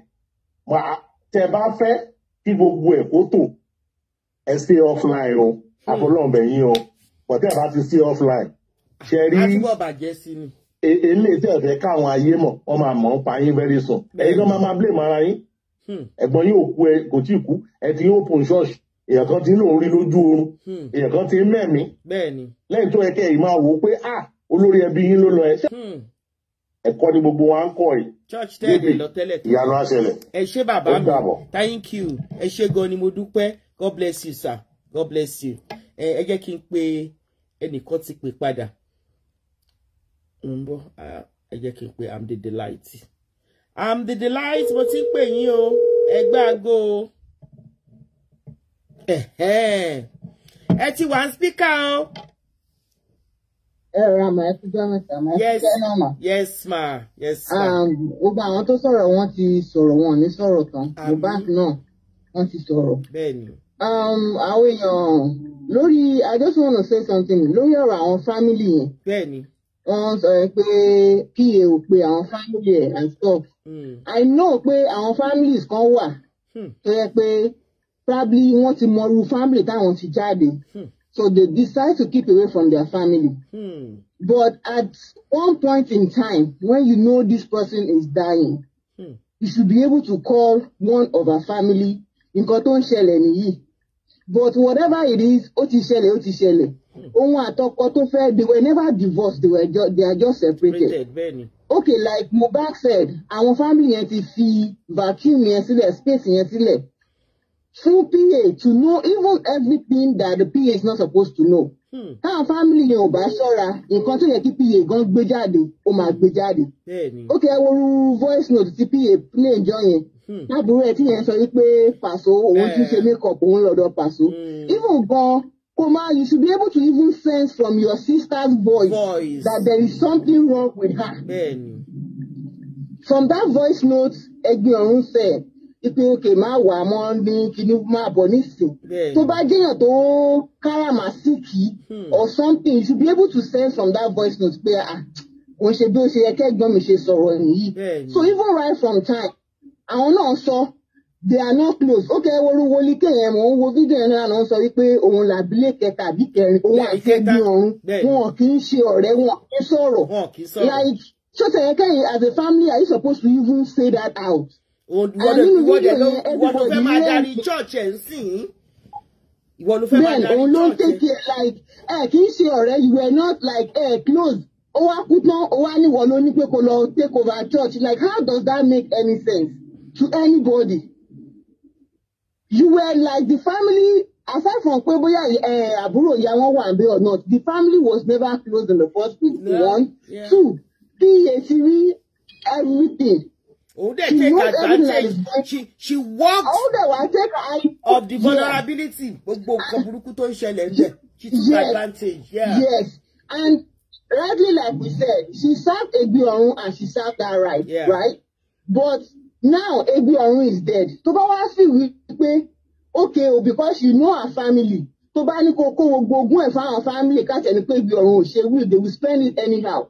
màá tẹ bá fẹ́ kí gbogbo ẹ̀ kó tò ẹ stay offline o hmm. àfọlọ́ọ̀bẹ̀ yín o bọ̀ tẹ́ bá ti stay offline ṣe rí e, eléyìí tẹ̀ fẹ́ káwọn ayé mọ̀ wọ́n máa mọ̀ ń pa yín very soon ẹ̀yin kan máa máa blame ara yín hmm. ẹ̀gbọ́n yín ò kú ẹ kò tí ì kú ẹ ti open church èèyàn kan ti ń lòun rí lójú oorun hmm. èèyàn kan ti ń mẹ̀mí lẹ́yìn tó yẹ kẹ́ máa wò ó pé ah olórí ẹbí yín ló lọ ẹ ṣe hmm. ẹ̀kọ́ ni gbogbo wa ń kọ́ yìí church tẹ́lẹ̀ lọ tẹ́lẹ̀ tó ìyanu àṣẹlẹ̀ ẹ ṣé bàbá mi thank you ẹ ṣé gan ni mo dúpẹ́ god bless you sir god bless you ẹ jẹ́ kí n pe ẹnìkan ti pè padà ẹ jẹ́ kí n pe i'm the delight i'm the delight mo ti ń pè yín o ẹgbẹ́ aago o ẹ ti wà ń spíkà o. ẹ ra màá fi jẹ́ mẹ́ta màá fi jẹ́ náà mà. yes ma yes ma. Ah, gbogbo àwọn tó sọ̀rọ̀ wọn ti sọ̀rọ̀ wọn ní sọ̀rọ̀ tán Mohbad náà wọ́n ti sọ̀rọ̀. bẹ́ẹ̀ni. Um, àwọn èèyàn lórí i just wanna say something lórí ọ̀rọ̀ àwọn fámìlì yẹn. bẹ́ẹ̀ni. wọ́n sọ pé pa ò pe àwọn fámìlì ẹ̀ and stuff. Mm. i know pé àwọn families kan wà hmm. tó yẹ pé probably wọ́n ti mọrú family táwọn ti jáde hmm. so they decide to keep away from their family hmm. but at one point in time when you know this person is dying hmm. you should be able to call one of her family nǹkan tó ń ṣẹlẹ̀ nìyí but whatever it is ó ti ṣẹlẹ̀ ó ti ṣẹlẹ̀ òun hmm. àtọkọ tó fẹ́ they were never divorced they were just they are just separated. okay like Mohbad said àwọn family yẹn ti fi vacuum yẹn sílẹ̀ space yẹn sílẹ̀ fún PA to know even everything that the PA is not supposed to know. Hmm. táwọn fámìlì yẹn ò bá ṣọ́ra nǹkan tó yẹ kí PA gan gbé jáde ó máa gbé jáde. ó kẹ́ wo voice note ti PA ní ìjọ yẹn lábúrò hmm. ẹ̀ tí yẹn sọ wípé pàṣọ òun tún ṣe eh. makeup òun lọ́dọ̀ pàṣọ. Hmm. even gan koma you should be able to even sense from your sister's voice, voice. that there is something wrong with her. Bẹ́ẹ̀ni. from that voice note ẹgbẹ́ ọ̀run fẹ́ẹ̀ ipe òkè má wà mọ́ ní kinní máa bọ̀ nísìn tó bá jẹ́yàn tó káràmásìkì hmm. or something you should be able to send from that voice note pé ah òun ṣe bí ó ṣe yẹ kẹ́gbọ́n mi ṣe sọ̀rọ̀ nìyí so even right from time àwọn náà sọ they are not close ó kẹ́ ẹ wọlé wọlé kéèyàn mò ń wo fídíò yẹn náà sọ wípé òun làbílẹ̀ kẹta àbí kẹrin òun àti ẹbí ọ̀run wọn kì í ṣe ọ̀rẹ́ wọn kì í sọ̀rọ̀ like ṣọ́tẹ̀yẹ kẹ́yìn as a family are you supposed to even say that out. Ah, ìwọ ló fẹ́ take it like ẹ can you see already? you were not like ẹ eh, close Oh, I could not. Oh, wá níwọ ló ní pé take over church like how does that make any sense to anybody you were like the family aside from Kweboya, eh, Aburo, ìyá wọn wà or not the family was never closed in the first place yeah. one yeah. two bí èsì everything òun dẹ̀ take advantage she she worked of the vulnerability gbogbo nǹkan burúkú tó ń she took advantage. Yeah. yes and rightly like we said she served Egbe and she served that right yeah. right but now Egbe is dead tó bá wá sí wípé okay oh, because you know her family tó bá ní kó kó gbogbo ẹ̀ fáwọn fámìlì káṣẹ̀ ni pé ibi ọ̀run ò ṣe will they will spend it anyhow.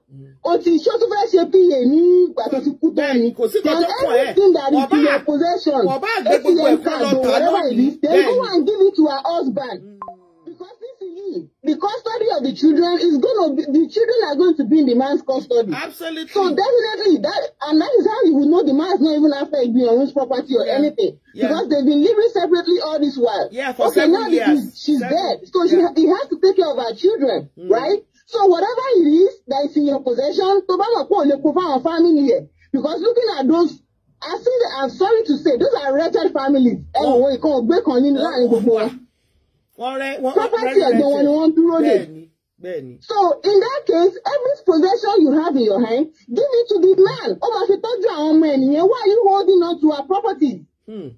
ó mm. ti ṣó tó fẹ́ ṣe pa ní ìgbà tó ti kú tán ni and everything that is in your possession atm card or whatever it is they go and give it to her husband mm. because this nísìnyí because of the children is going to be, the children are going to be in the man's custody. Absolutely. So definitely that, and that is how you will know the man is not even after being on his property or yeah. anything. Yeah. Because they've been living separately all this while. Yeah, for okay, seven now years. she's seven. dead. So yeah. she, he has to take care of her children, mm. right? So whatever it is that is in your possession, tó bá mọ̀ pé ò lè family yẹn. Because looking at those I see that I'm sorry to say those are wretched families. oh, ìkan ògbé kan nínú láàrin gbogbo oh property ẹ̀gbọ́n wọn ni wọ́n dúró dè. So in that case every possession you have in your hand give it to the man ó máa fi tọ́jú àwọn ọmọ ènìyàn why you holding on to our property. Hmm.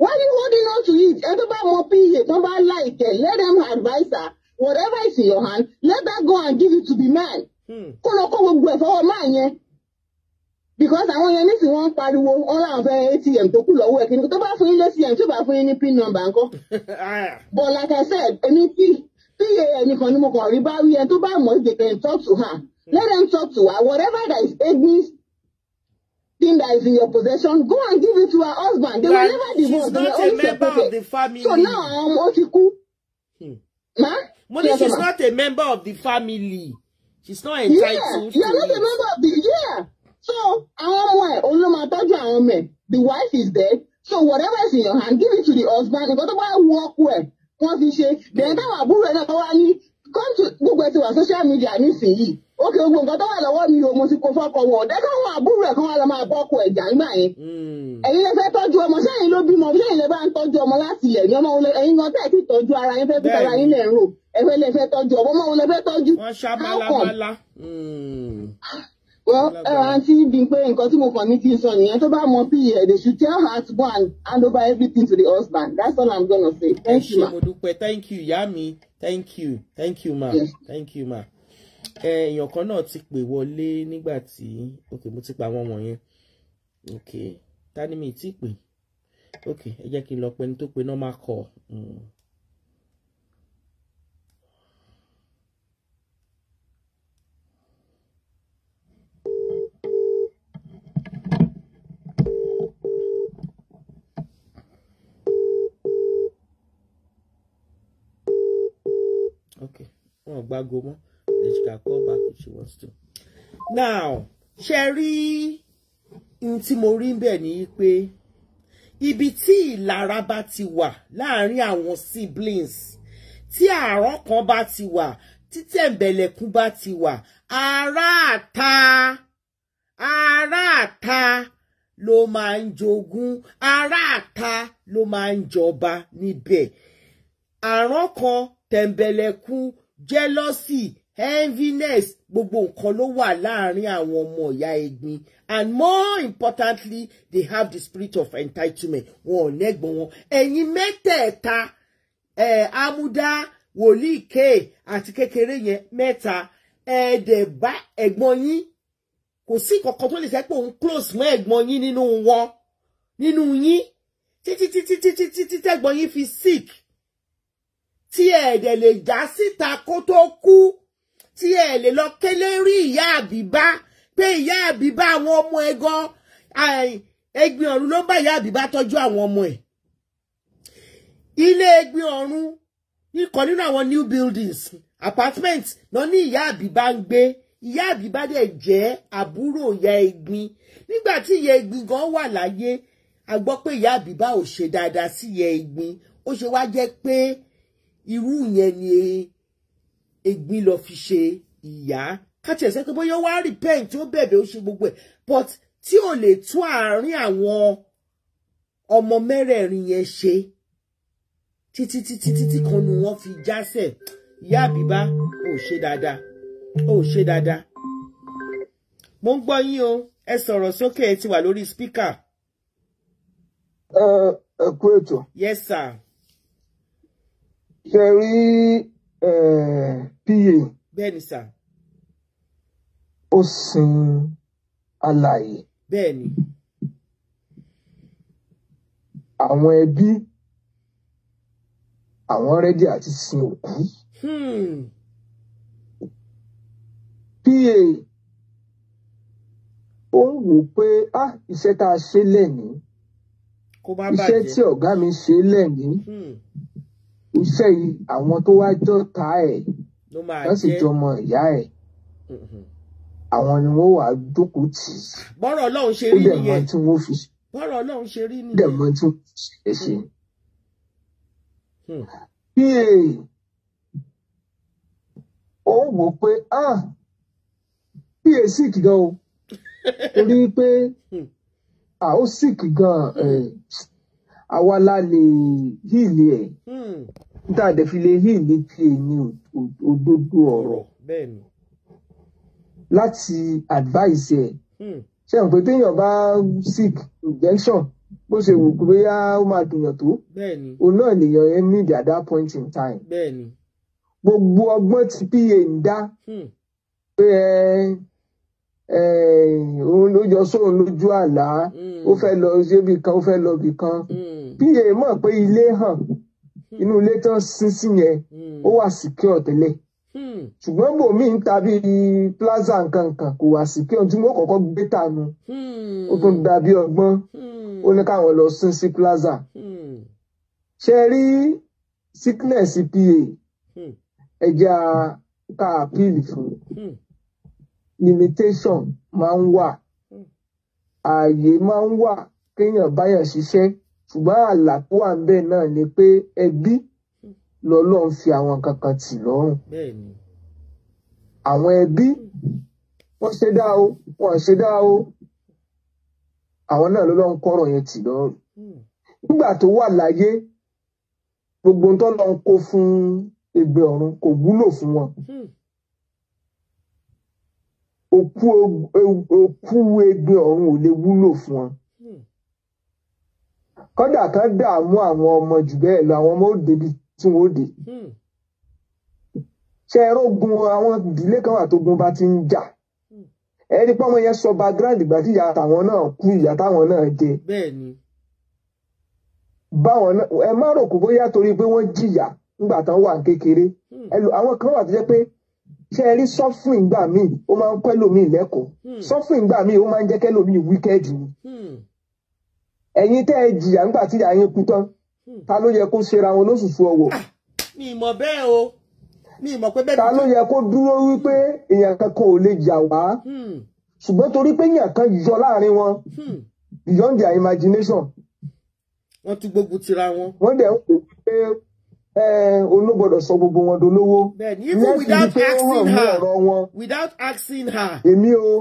Why are you holding on to it? Ẹ tó bá mọ PA tó bá láìkẹ̀ let them advise her whatever is in your hand let that go and give it to the man. Hmm. Kó lọ kó gbogbo ẹ̀fọ́ ọmọ yẹn because àwọn yẹn nísìnyí wọ́n ń pariwo wọ́n làwọn fẹ́ atm tó kù lọ́wọ́ ẹ̀ kí ni tó bá fún yín lẹ́sìn tí ó bá fún yín ní pin number ńkọ́. but like I said èmi tí tí ẹnì kan ni mo kàn rí bá rí ẹ tó bá mọ̀ if they can talk to her hmm. let them talk to her whatever that is egbin thing that is in your possession go and give it to her husband they will never divorce they will only separate so now àwọn um, ọmọ ó ti kú. Hmm. ma mo ní she's not a member of the family she's not entitled yeah, to yeah you are not a member of the yeah government. The wife is dead. So whatever is in your hand, give it to the husband. Nǹkan tó bá work well, wọ́n fi say, Then that àbúrò ẹ̀ náà wá come to gbogbo ẹ̀ ti wà social media and see. gbogbo okay, tó wà lọ́wọ́ mi o, mo ti kó fọ́kọ wọ̀. Dẹ́kun àwọn àbúrò ẹ̀ kan wá lọ máa bọ́kọ ẹ̀jà ńgbà yẹn. Hmm. Ẹ̀yin And fẹ́ tọ́jú ọmọ, sẹ́yìn ló bímọ, sẹ́yìn lè be. ń tọ́jú ọmọ láti ilẹ̀ ní ọmọ olè. Ẹ̀yin kan tẹ̀ ti tọ́jú ara yín fẹ́ fi tara yín lẹ̀ ń rò. Ẹ̀fẹ́ lè fẹ́ tọ́jú ọmọ, ọmọ olè fẹ́ tọ́jú. Wọ́n ṣá bálábálá well eh, Auntie, Bímpé nǹkan tí mo kàn ní kí n sọ nìyẹn tó bá mọ eh, they should tell her to go and hand over everything to the husband that's all i'm gonna say thank you ma. mo dúpẹ́ thank you Yami. thank you thank you ma thank you ma. Eh, your corner, ti pè Wole, nígbà tí ok mo ti pa àwọn wọ̀nyẹn ok ta ni mi ti pè ok ẹ jẹ́ kí n lọ pẹ́ call. Hmm. okay wọn gbágo mọ́ then she can call back if she wants to. now ṣe rí ohun tí mo rí bẹ́ẹ̀ ni pé ibi tí ìlara bá ti wà láàárín àwọn siblings tí àárọ̀ kan bá ti wà títẹ̀m̀bẹ̀lẹ̀kún bá ti wà aráàta aráàta ló máa ń jogún aráàta ló máa ń jọba níbẹ̀ àrán kan tẹ̀m̀bẹ̀lẹ̀kun jealousy envyness, gbogbo nǹkan ló wà láàárín àwọn ọmọ ìyá Egbin and more importantly they have the spirit of entitlement wọn ò nẹ́gbọ́n wọn ẹ̀yin mẹ́tẹ̀ẹ̀ta eh, amúdá wòlíì k àti kékeré yẹn mẹ́ta ẹ̀ẹ́dẹ̀gbá ẹ̀gbọ́n yín kò sí kankan tó lè sẹ́ òun close mọ́ ẹ̀gbọ́n yín nínú wọn nínú yín títí títí títí títí tẹ́gbọ́n yín fi sick tí ẹ̀ dẹ̀ lè já síta kó tó kú tí ẹ̀ lè lọ kélé rí ìyá àbíbá pé ìyá àbíbá àwọn ọmọ ẹ̀ gan ẹgbin ọ̀run ló bá ìyá àbíbá tọ́jú àwọn ọmọ ẹ̀ ilé ẹgbin ọ̀run nìkan nínú àwọn new buildings apartment lọ ní ìyá àbíbá ń gbé ìyá àbíbá dẹ̀ jẹ́ àbúrò ìyá ẹgbin nígbà tí ìyá ẹgbin gan wà láyé a gbọ́ pé ìyá àbíbá ò ṣe dáadáa sí ìyá ẹgbin ó ṣe wá jẹ́ pé irú yẹn ni Egbin lọ fi ṣe ìyá káàtì ẹ̀sẹ̀ pé bóyá wá repent ó bẹ̀bẹ̀ ó ṣe gbogbo ẹ̀ but tí ò lè tú àárín àwọn ọmọ mẹ́rẹ̀ẹ̀rin yẹn ṣe títí títí títí kan ni wọ́n fi jásẹ̀ ìyá àbíbá ò ṣe dáadáa ò ṣe dáadáa mo ń gbọ́ yín o ẹ sọ̀rọ̀ sókè ẹ ti wà lórí spíkà. ẹ ẹ kú ètò. yes sir ṣe rí pa bẹ́ẹ̀ni sà ó sin alàyè bẹ́ẹ̀ni àwọn ẹbí àwọn rẹ́dí àti sin òkú hmm. pa ó wò pé ah iṣẹ́ tá a ṣe lẹ́ni iṣẹ́ tí ọ̀gá mi ṣe lẹ́ni. Hmm iṣẹ́ yìí àwọn tó wá jọ́ta ẹ̀ wọ́n sì jọmọ ìyá ẹ̀ mm-hmm. àwọn ni wọ́n wàá jókòó tì í. bọ́rọ̀ ọlọ́run ṣe rí nìyẹn ó dẹ̀ mọ tí wọ́n fi bọ́rọ̀ ọlọ́run ṣe rí nìyẹn ó dẹ̀ mọ tí wọ́n fi ṣe. pa hmm. ó wò pé ah pa sick gan o torí pé hmm. a ó sick gan eh, àwa la lè hìlì ẹ̀. Hmm níta àdẹ̀filé yìí létí èmi òdodo ọ̀rọ̀ láti advice ẹ̀ hmm. ṣe mọ̀ pé téèyàn bá sick injection bó ṣe wù kú bóyá ó máa dùnyàn tó òun náà nìyàn yẹn need at that point in time gbogbo ọgbọ́n tí pa ń dá hmm. pé ẹ òun ló yọ sóun lójú àlá ó hmm. fẹ́ lọ ṣébì kan ó fẹ́ lọ bì kan pa mọ̀ pé ilé hàn. Hmm. Hmm. inú ilé tán sin sí yẹn hmm. ó wà secure tẹ́lẹ̀ hmm. ṣùgbọ́n bò mí ń ta plaza nkankan kò wá sí kí ohun tí mo kọ́kọ́ gbé tà nu ó tún da bí ó ní káwọn lọ sún sí plaza ṣe rí sickness pa ẹja ká appeal fún limitation máa ń wà ààyè máa ń wà kéèyàn báyàn ṣiṣẹ́ ṣùgbọ́n àlàpò àbẹ́ náà ni pé ẹbí lọ́lọ́run fi àwọn kankan tì lọ́rùn àwọn ẹbí wọ́n ṣe dá o wọ́n ṣe dá o àwọn náà lọ́lọ́run kọ́rọ̀ yẹn tì lọ́rùn hmm. nígbà tó wà láyé gbogbo nǹkan lọ́n kó fún ègbè ọ̀run kò wúlò fún wọn hmm. òkú ègbè ọ̀run ò lè wúlò fún wọn. kódà kan dààmú àwọn ọmọ jù bẹ́ẹ̀ lọ àwọn ọmọ ó débi tí wọ́n hmm. ṣe ẹ̀rọ gun àwọn ìdílé kan wà tó gun bá ti ń jà hmm. ẹni yẹn sọ background ìgbà tí ìyá náà kú ìyá táwọn náà jẹ báwọn ẹ má rò kó bóyá torí pé wọ́n jìyà tán wà kékeré hmm. àwọn kan wà tó jẹ́ pé ṣe ẹ rí ìgbà míì ó máa ń pẹ́ lómi lẹ́kọ̀ọ́ ìgbà ẹ̀yin tẹ́ ẹ jìyà ńgbà tí ìyá kú tán hmm. ta ló yẹ kó ṣera wọn lóṣùṣù ọwọ́. Ah, mi ì mọ̀ o mi ì mọ̀ pé bẹ́ẹ̀. ta ló yẹ kó dúró wípé èèyàn kankan ò lè jà wá hmm. ṣùgbọ́n torí pé èèyàn kan yọ láàrin wọn hmm. beyond their imagination. wọ́n ti gbógun tira wọn. wọ́n dẹ̀ ń kó pé ológbọ́dọ̀ sọ gbogbo wọn dolówó. even without asking her without asking her. èmi o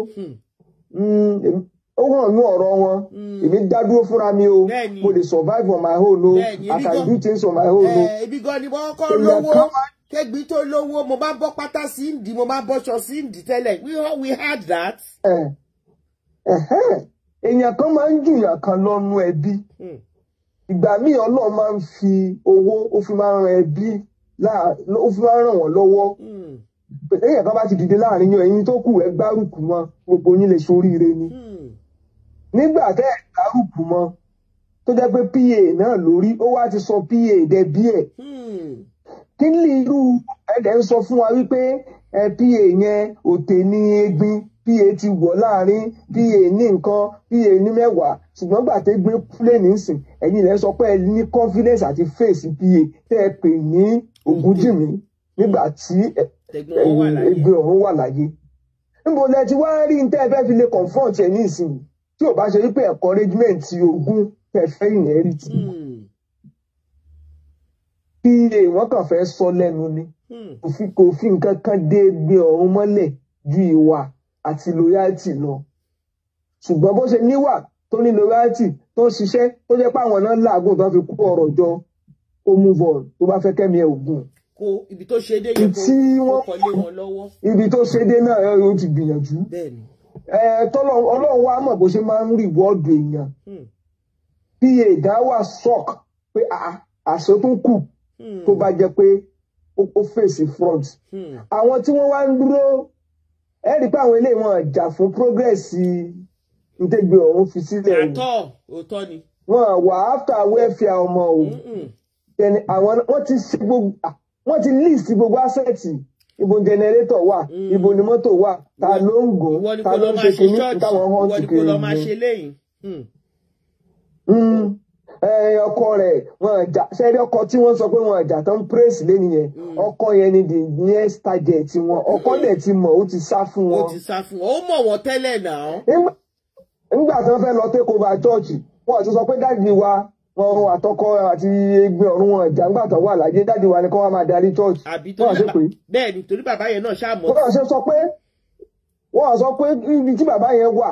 ó hàn ní ọ̀rọ̀ wọn hmm. èmi dá dúró fúnra mi o mo lè survive on my own o I can do things on my own o. ibi eh, gan ni wọ́n kọ́ lówó kẹ́gbin tó lówó mo máa ń bọ́ pátá sí ìdí mo máa ń bọ́ṣọ sí ìdí tẹ́lẹ̀ we all we had that. Eh, èèyàn kan máa ń jùyà kan lọ́nu ẹbí hmm. ìgbà míì ọlọ́run máa ń fi owó ó fi máa ń ran ẹbí ó fi máa ń ràn wọ́n lọ́wọ́ lẹ́yìn hmm. kan bá ti dìde láàrin yan ẹ̀yin tó kù ẹ gbárùkù wọn gbogbo yín lè ṣoríire ni. Hmm nígbà tẹ́ ẹ̀ dárúkú mọ́ tó jẹ́ pé pa náà lórí ó wá ti sọ pa dẹ̀bí ẹ̀ hmm. kí ni irú ẹ̀dẹ̀ ń sọ fún wa wípé ẹ pa yẹn òtẹ̀ ní egbin pa ti wọ̀ láàrin pa ní nǹkan pa ní mẹ́wàá ṣùgbọ́n gbà tẹ́ gbé pléènì sìn ẹ̀yin ilẹ̀ sọ pé ẹ ní confidence àti fèsì pa tẹ́ ẹ pè ní Ògúnjìmí nígbà tí ẹgbẹ́ ọ̀hún wà láyé níbo lẹ ti wá rí ní tẹ́ ẹ fẹ́ fi lè confront ẹ̀ ní ìsìn tí ò bá ṣe wípé encouragement ogún kẹfẹ́ ìyẹn rí tì kí èèwọ̀n kàn fẹ́ sọ lẹ́nu ni hmm. kò fi nǹkan kan dé gbé ọ̀run mọ́lẹ̀ ju ìwà àti loyalty lọ ṣùgbọ́n bó ṣe níwà tó ní loyalty tó ń ṣiṣẹ́ tó jẹ́ pé àwọn náà làágùn tó fi kú ọ̀rọ̀ jọ ó move on tó bá fẹ́ kẹ́mi ẹ̀ ògùn. kò ibi tó ṣe dé yẹn kò kọ́lé wọn lọ́wọ́. ibi tó ṣe dé náà ó ti gbìyànjú tọ́lọ́ ọlọ́run wa mọ̀ bó ṣe máa ń rìwọ́ọ̀dù èèyàn hmm. bí èdè wà sọ́ọ̀k pé ah, ah, àṣọ tó kù hmm. tó bá jẹ́ pé ó fèsì front hmm. àwọn tí wọ́n wá ń dúró ẹ rí i pé àwọn eléyìí wọn jà fún progress ntẹ́gbẹ́ ọ̀hún fi sílẹ̀ o àtọ̀ òótọ́ ni wọn wà after welfare ọmọ o then àwọn wọ́n ti ṣe gbogbo wọ́n list gbogbo asset ibo jẹnẹrétọ̀ wà mm. ibo ni mọ́tò wà ta ló ń gùn ta ló ń ṣe kínní táwọn ọmọ ti kiri ni hmm. hmm. ọkọ rẹ̀ wọn jà sẹẹrí ọkọ tí wọ́n sọ pé wọn jà tán praise lẹni yẹn hmm. ọkọ yẹn ni the next target wọn ọkọ dẹ̀ ti mọ̀ ó ti sá fún wọn. ó ti sá fún wọn ó mọ̀ wọ́n tẹ́lẹ̀ náà. nígbà tí wọ́n fẹ́ lọ take over wọn ti sọ pé dáàdi wa wọn rún àtọkọ àti egbe ọrùn wọn ìjàngbà tó wà láyé dájú wa ni kó wá máa darí church. àbí torí bàbá bẹ́ẹ̀ ni torí bàbá yẹn náà ṣàmọ. wọn ṣe sọ pé wọn sọ pé ibi tí bàbá yẹn wà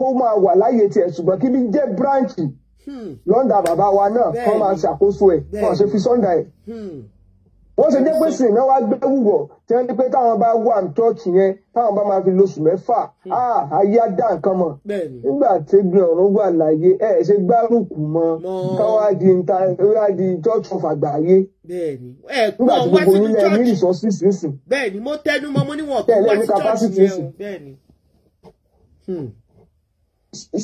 kó máa wà láyé tiẹ̀ ṣùgbọ́n kí ni jẹ́ bíráǹchì hmm. lọ́ndà bàbá wa náà kó máa ṣàkóso ẹ̀ kó ṣe fi sọ́ndà ẹ̀. Hmm wọ́n ṣe jẹ́ pé sùn iná wá gbé wùwọ̀ tí wọ́n ní pé táwọn bá wà ní tọ́ọ̀tì yẹn táwọn bá máa fi lóṣù mẹ́fà hmm. ah, ayé á dá nǹkan mọ̀ nígbà tí gbé ọ̀run wà láyé ẹ̀ ṣe gbárùkù mọ́ káwá di níta wá di tọ́ọ̀tì ọ̀fà gbàyé nígbà tí gbogbo nílẹ̀ ní ìsọ̀sí sísìn. bẹ́ẹ̀ni mo tẹnu mọ́ mo ní wọn kó wá sí tọ́ọ̀tì yẹn o bẹ́ẹ̀ni hmm.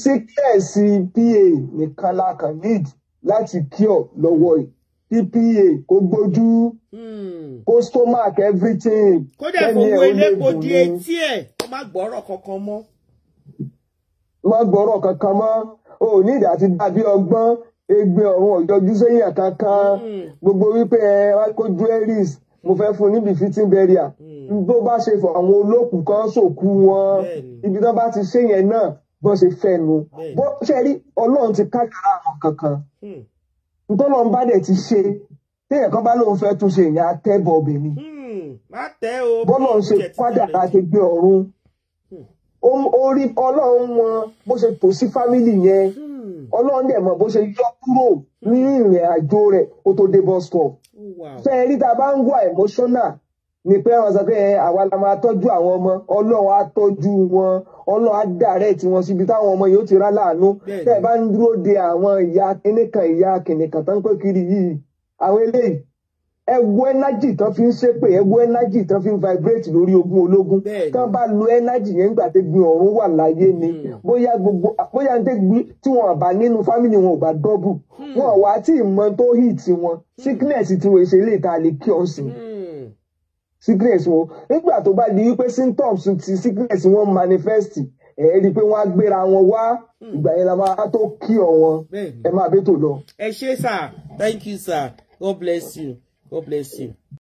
ṣé kẹ́ẹ̀sì pa nìkan la kàn need láti kí ọ lọ́wọ́ EPA kó gbójú hmm. kó stomach everything. kó dẹ̀ fowó elépo di etí ẹ̀ kó má gbọ́rọ̀ kankan mọ́. má gbọ́rọ̀ kankan mọ́ o ní ìdá ti dàbí ọgbọ́n egbe ọ̀run ọ̀jọ́jú sẹ́yìn àkankan hmm. gbogbo wípé ẹ wá kó jewelries mo fẹ́ fún níbi fitting barrier bó hmm. bá ṣe fọ àwọn olóòkú kan sòkú wọn ibi tó bá ti ṣe yẹn náà bó ṣe fẹ́ nu bó ṣe rí ọlọ́run ti kájàrá àwọn kankan ntọ́lọ́ ń bá dẹ̀ ti ṣe téèyàn kan bá lóun fẹ́ tún hmm, ṣe ìyẹn atẹ́bọ̀ ni bọ́lọ̀ ń ṣe padà láti gbé ọ̀run hmm. orí ọlọ́run wọn bó ṣe tò sí fámìlì yẹn hmm. ọlọ́run dẹ̀ mọ̀ bó ṣe yọ kúrò ní ìrìn àjò rẹ̀ kó tó dé bus fẹ́ẹ́ oh, rí tá bá ń wà emotional ni pé àwọn sọ pé àwa la máa tọ́jú àwọn ọmọ ọlọ́run á tọ́jú wọn ọlọ́run á dàrẹ́ẹ̀tì wọn síbi táwọn ọmọ yóò ti rá láàánú tẹ́ ẹ bá ń dúró de àwọn ìyá kìnìkan ìyá kìnìkan tó ń pè kiri yìí àwọn eléyìí ẹ wo ẹnájì tán fi ń ṣépè ẹ wo ẹnájì tán fi ń vibrate lórí ogun ológun tán bá lo ẹnájì yẹn nígbà tí gbin ọ̀run wà láyé ni hmm. bóyá gbogbo bóyá ń dégbé tí wọn bá nínú fámìlì wọn ò bá dọ́bù wọn wà á hmm. tí ì mọ tó hì tiwọn hmm. sickness tiwọn ìṣẹ̀lẹ̀ tá a lè kí ọ sí sickness wọn nígbà tó bá di wípé symptoms ti sickness wọn manifest ẹ ẹ rí i pé wọn á gbéra wọn wá hmm. ìgbà yẹn la máa tó kí ọ wọn ẹ máa bẹ́tò lọ. ẹ ṣé sir thank you sir god bless you god bless you.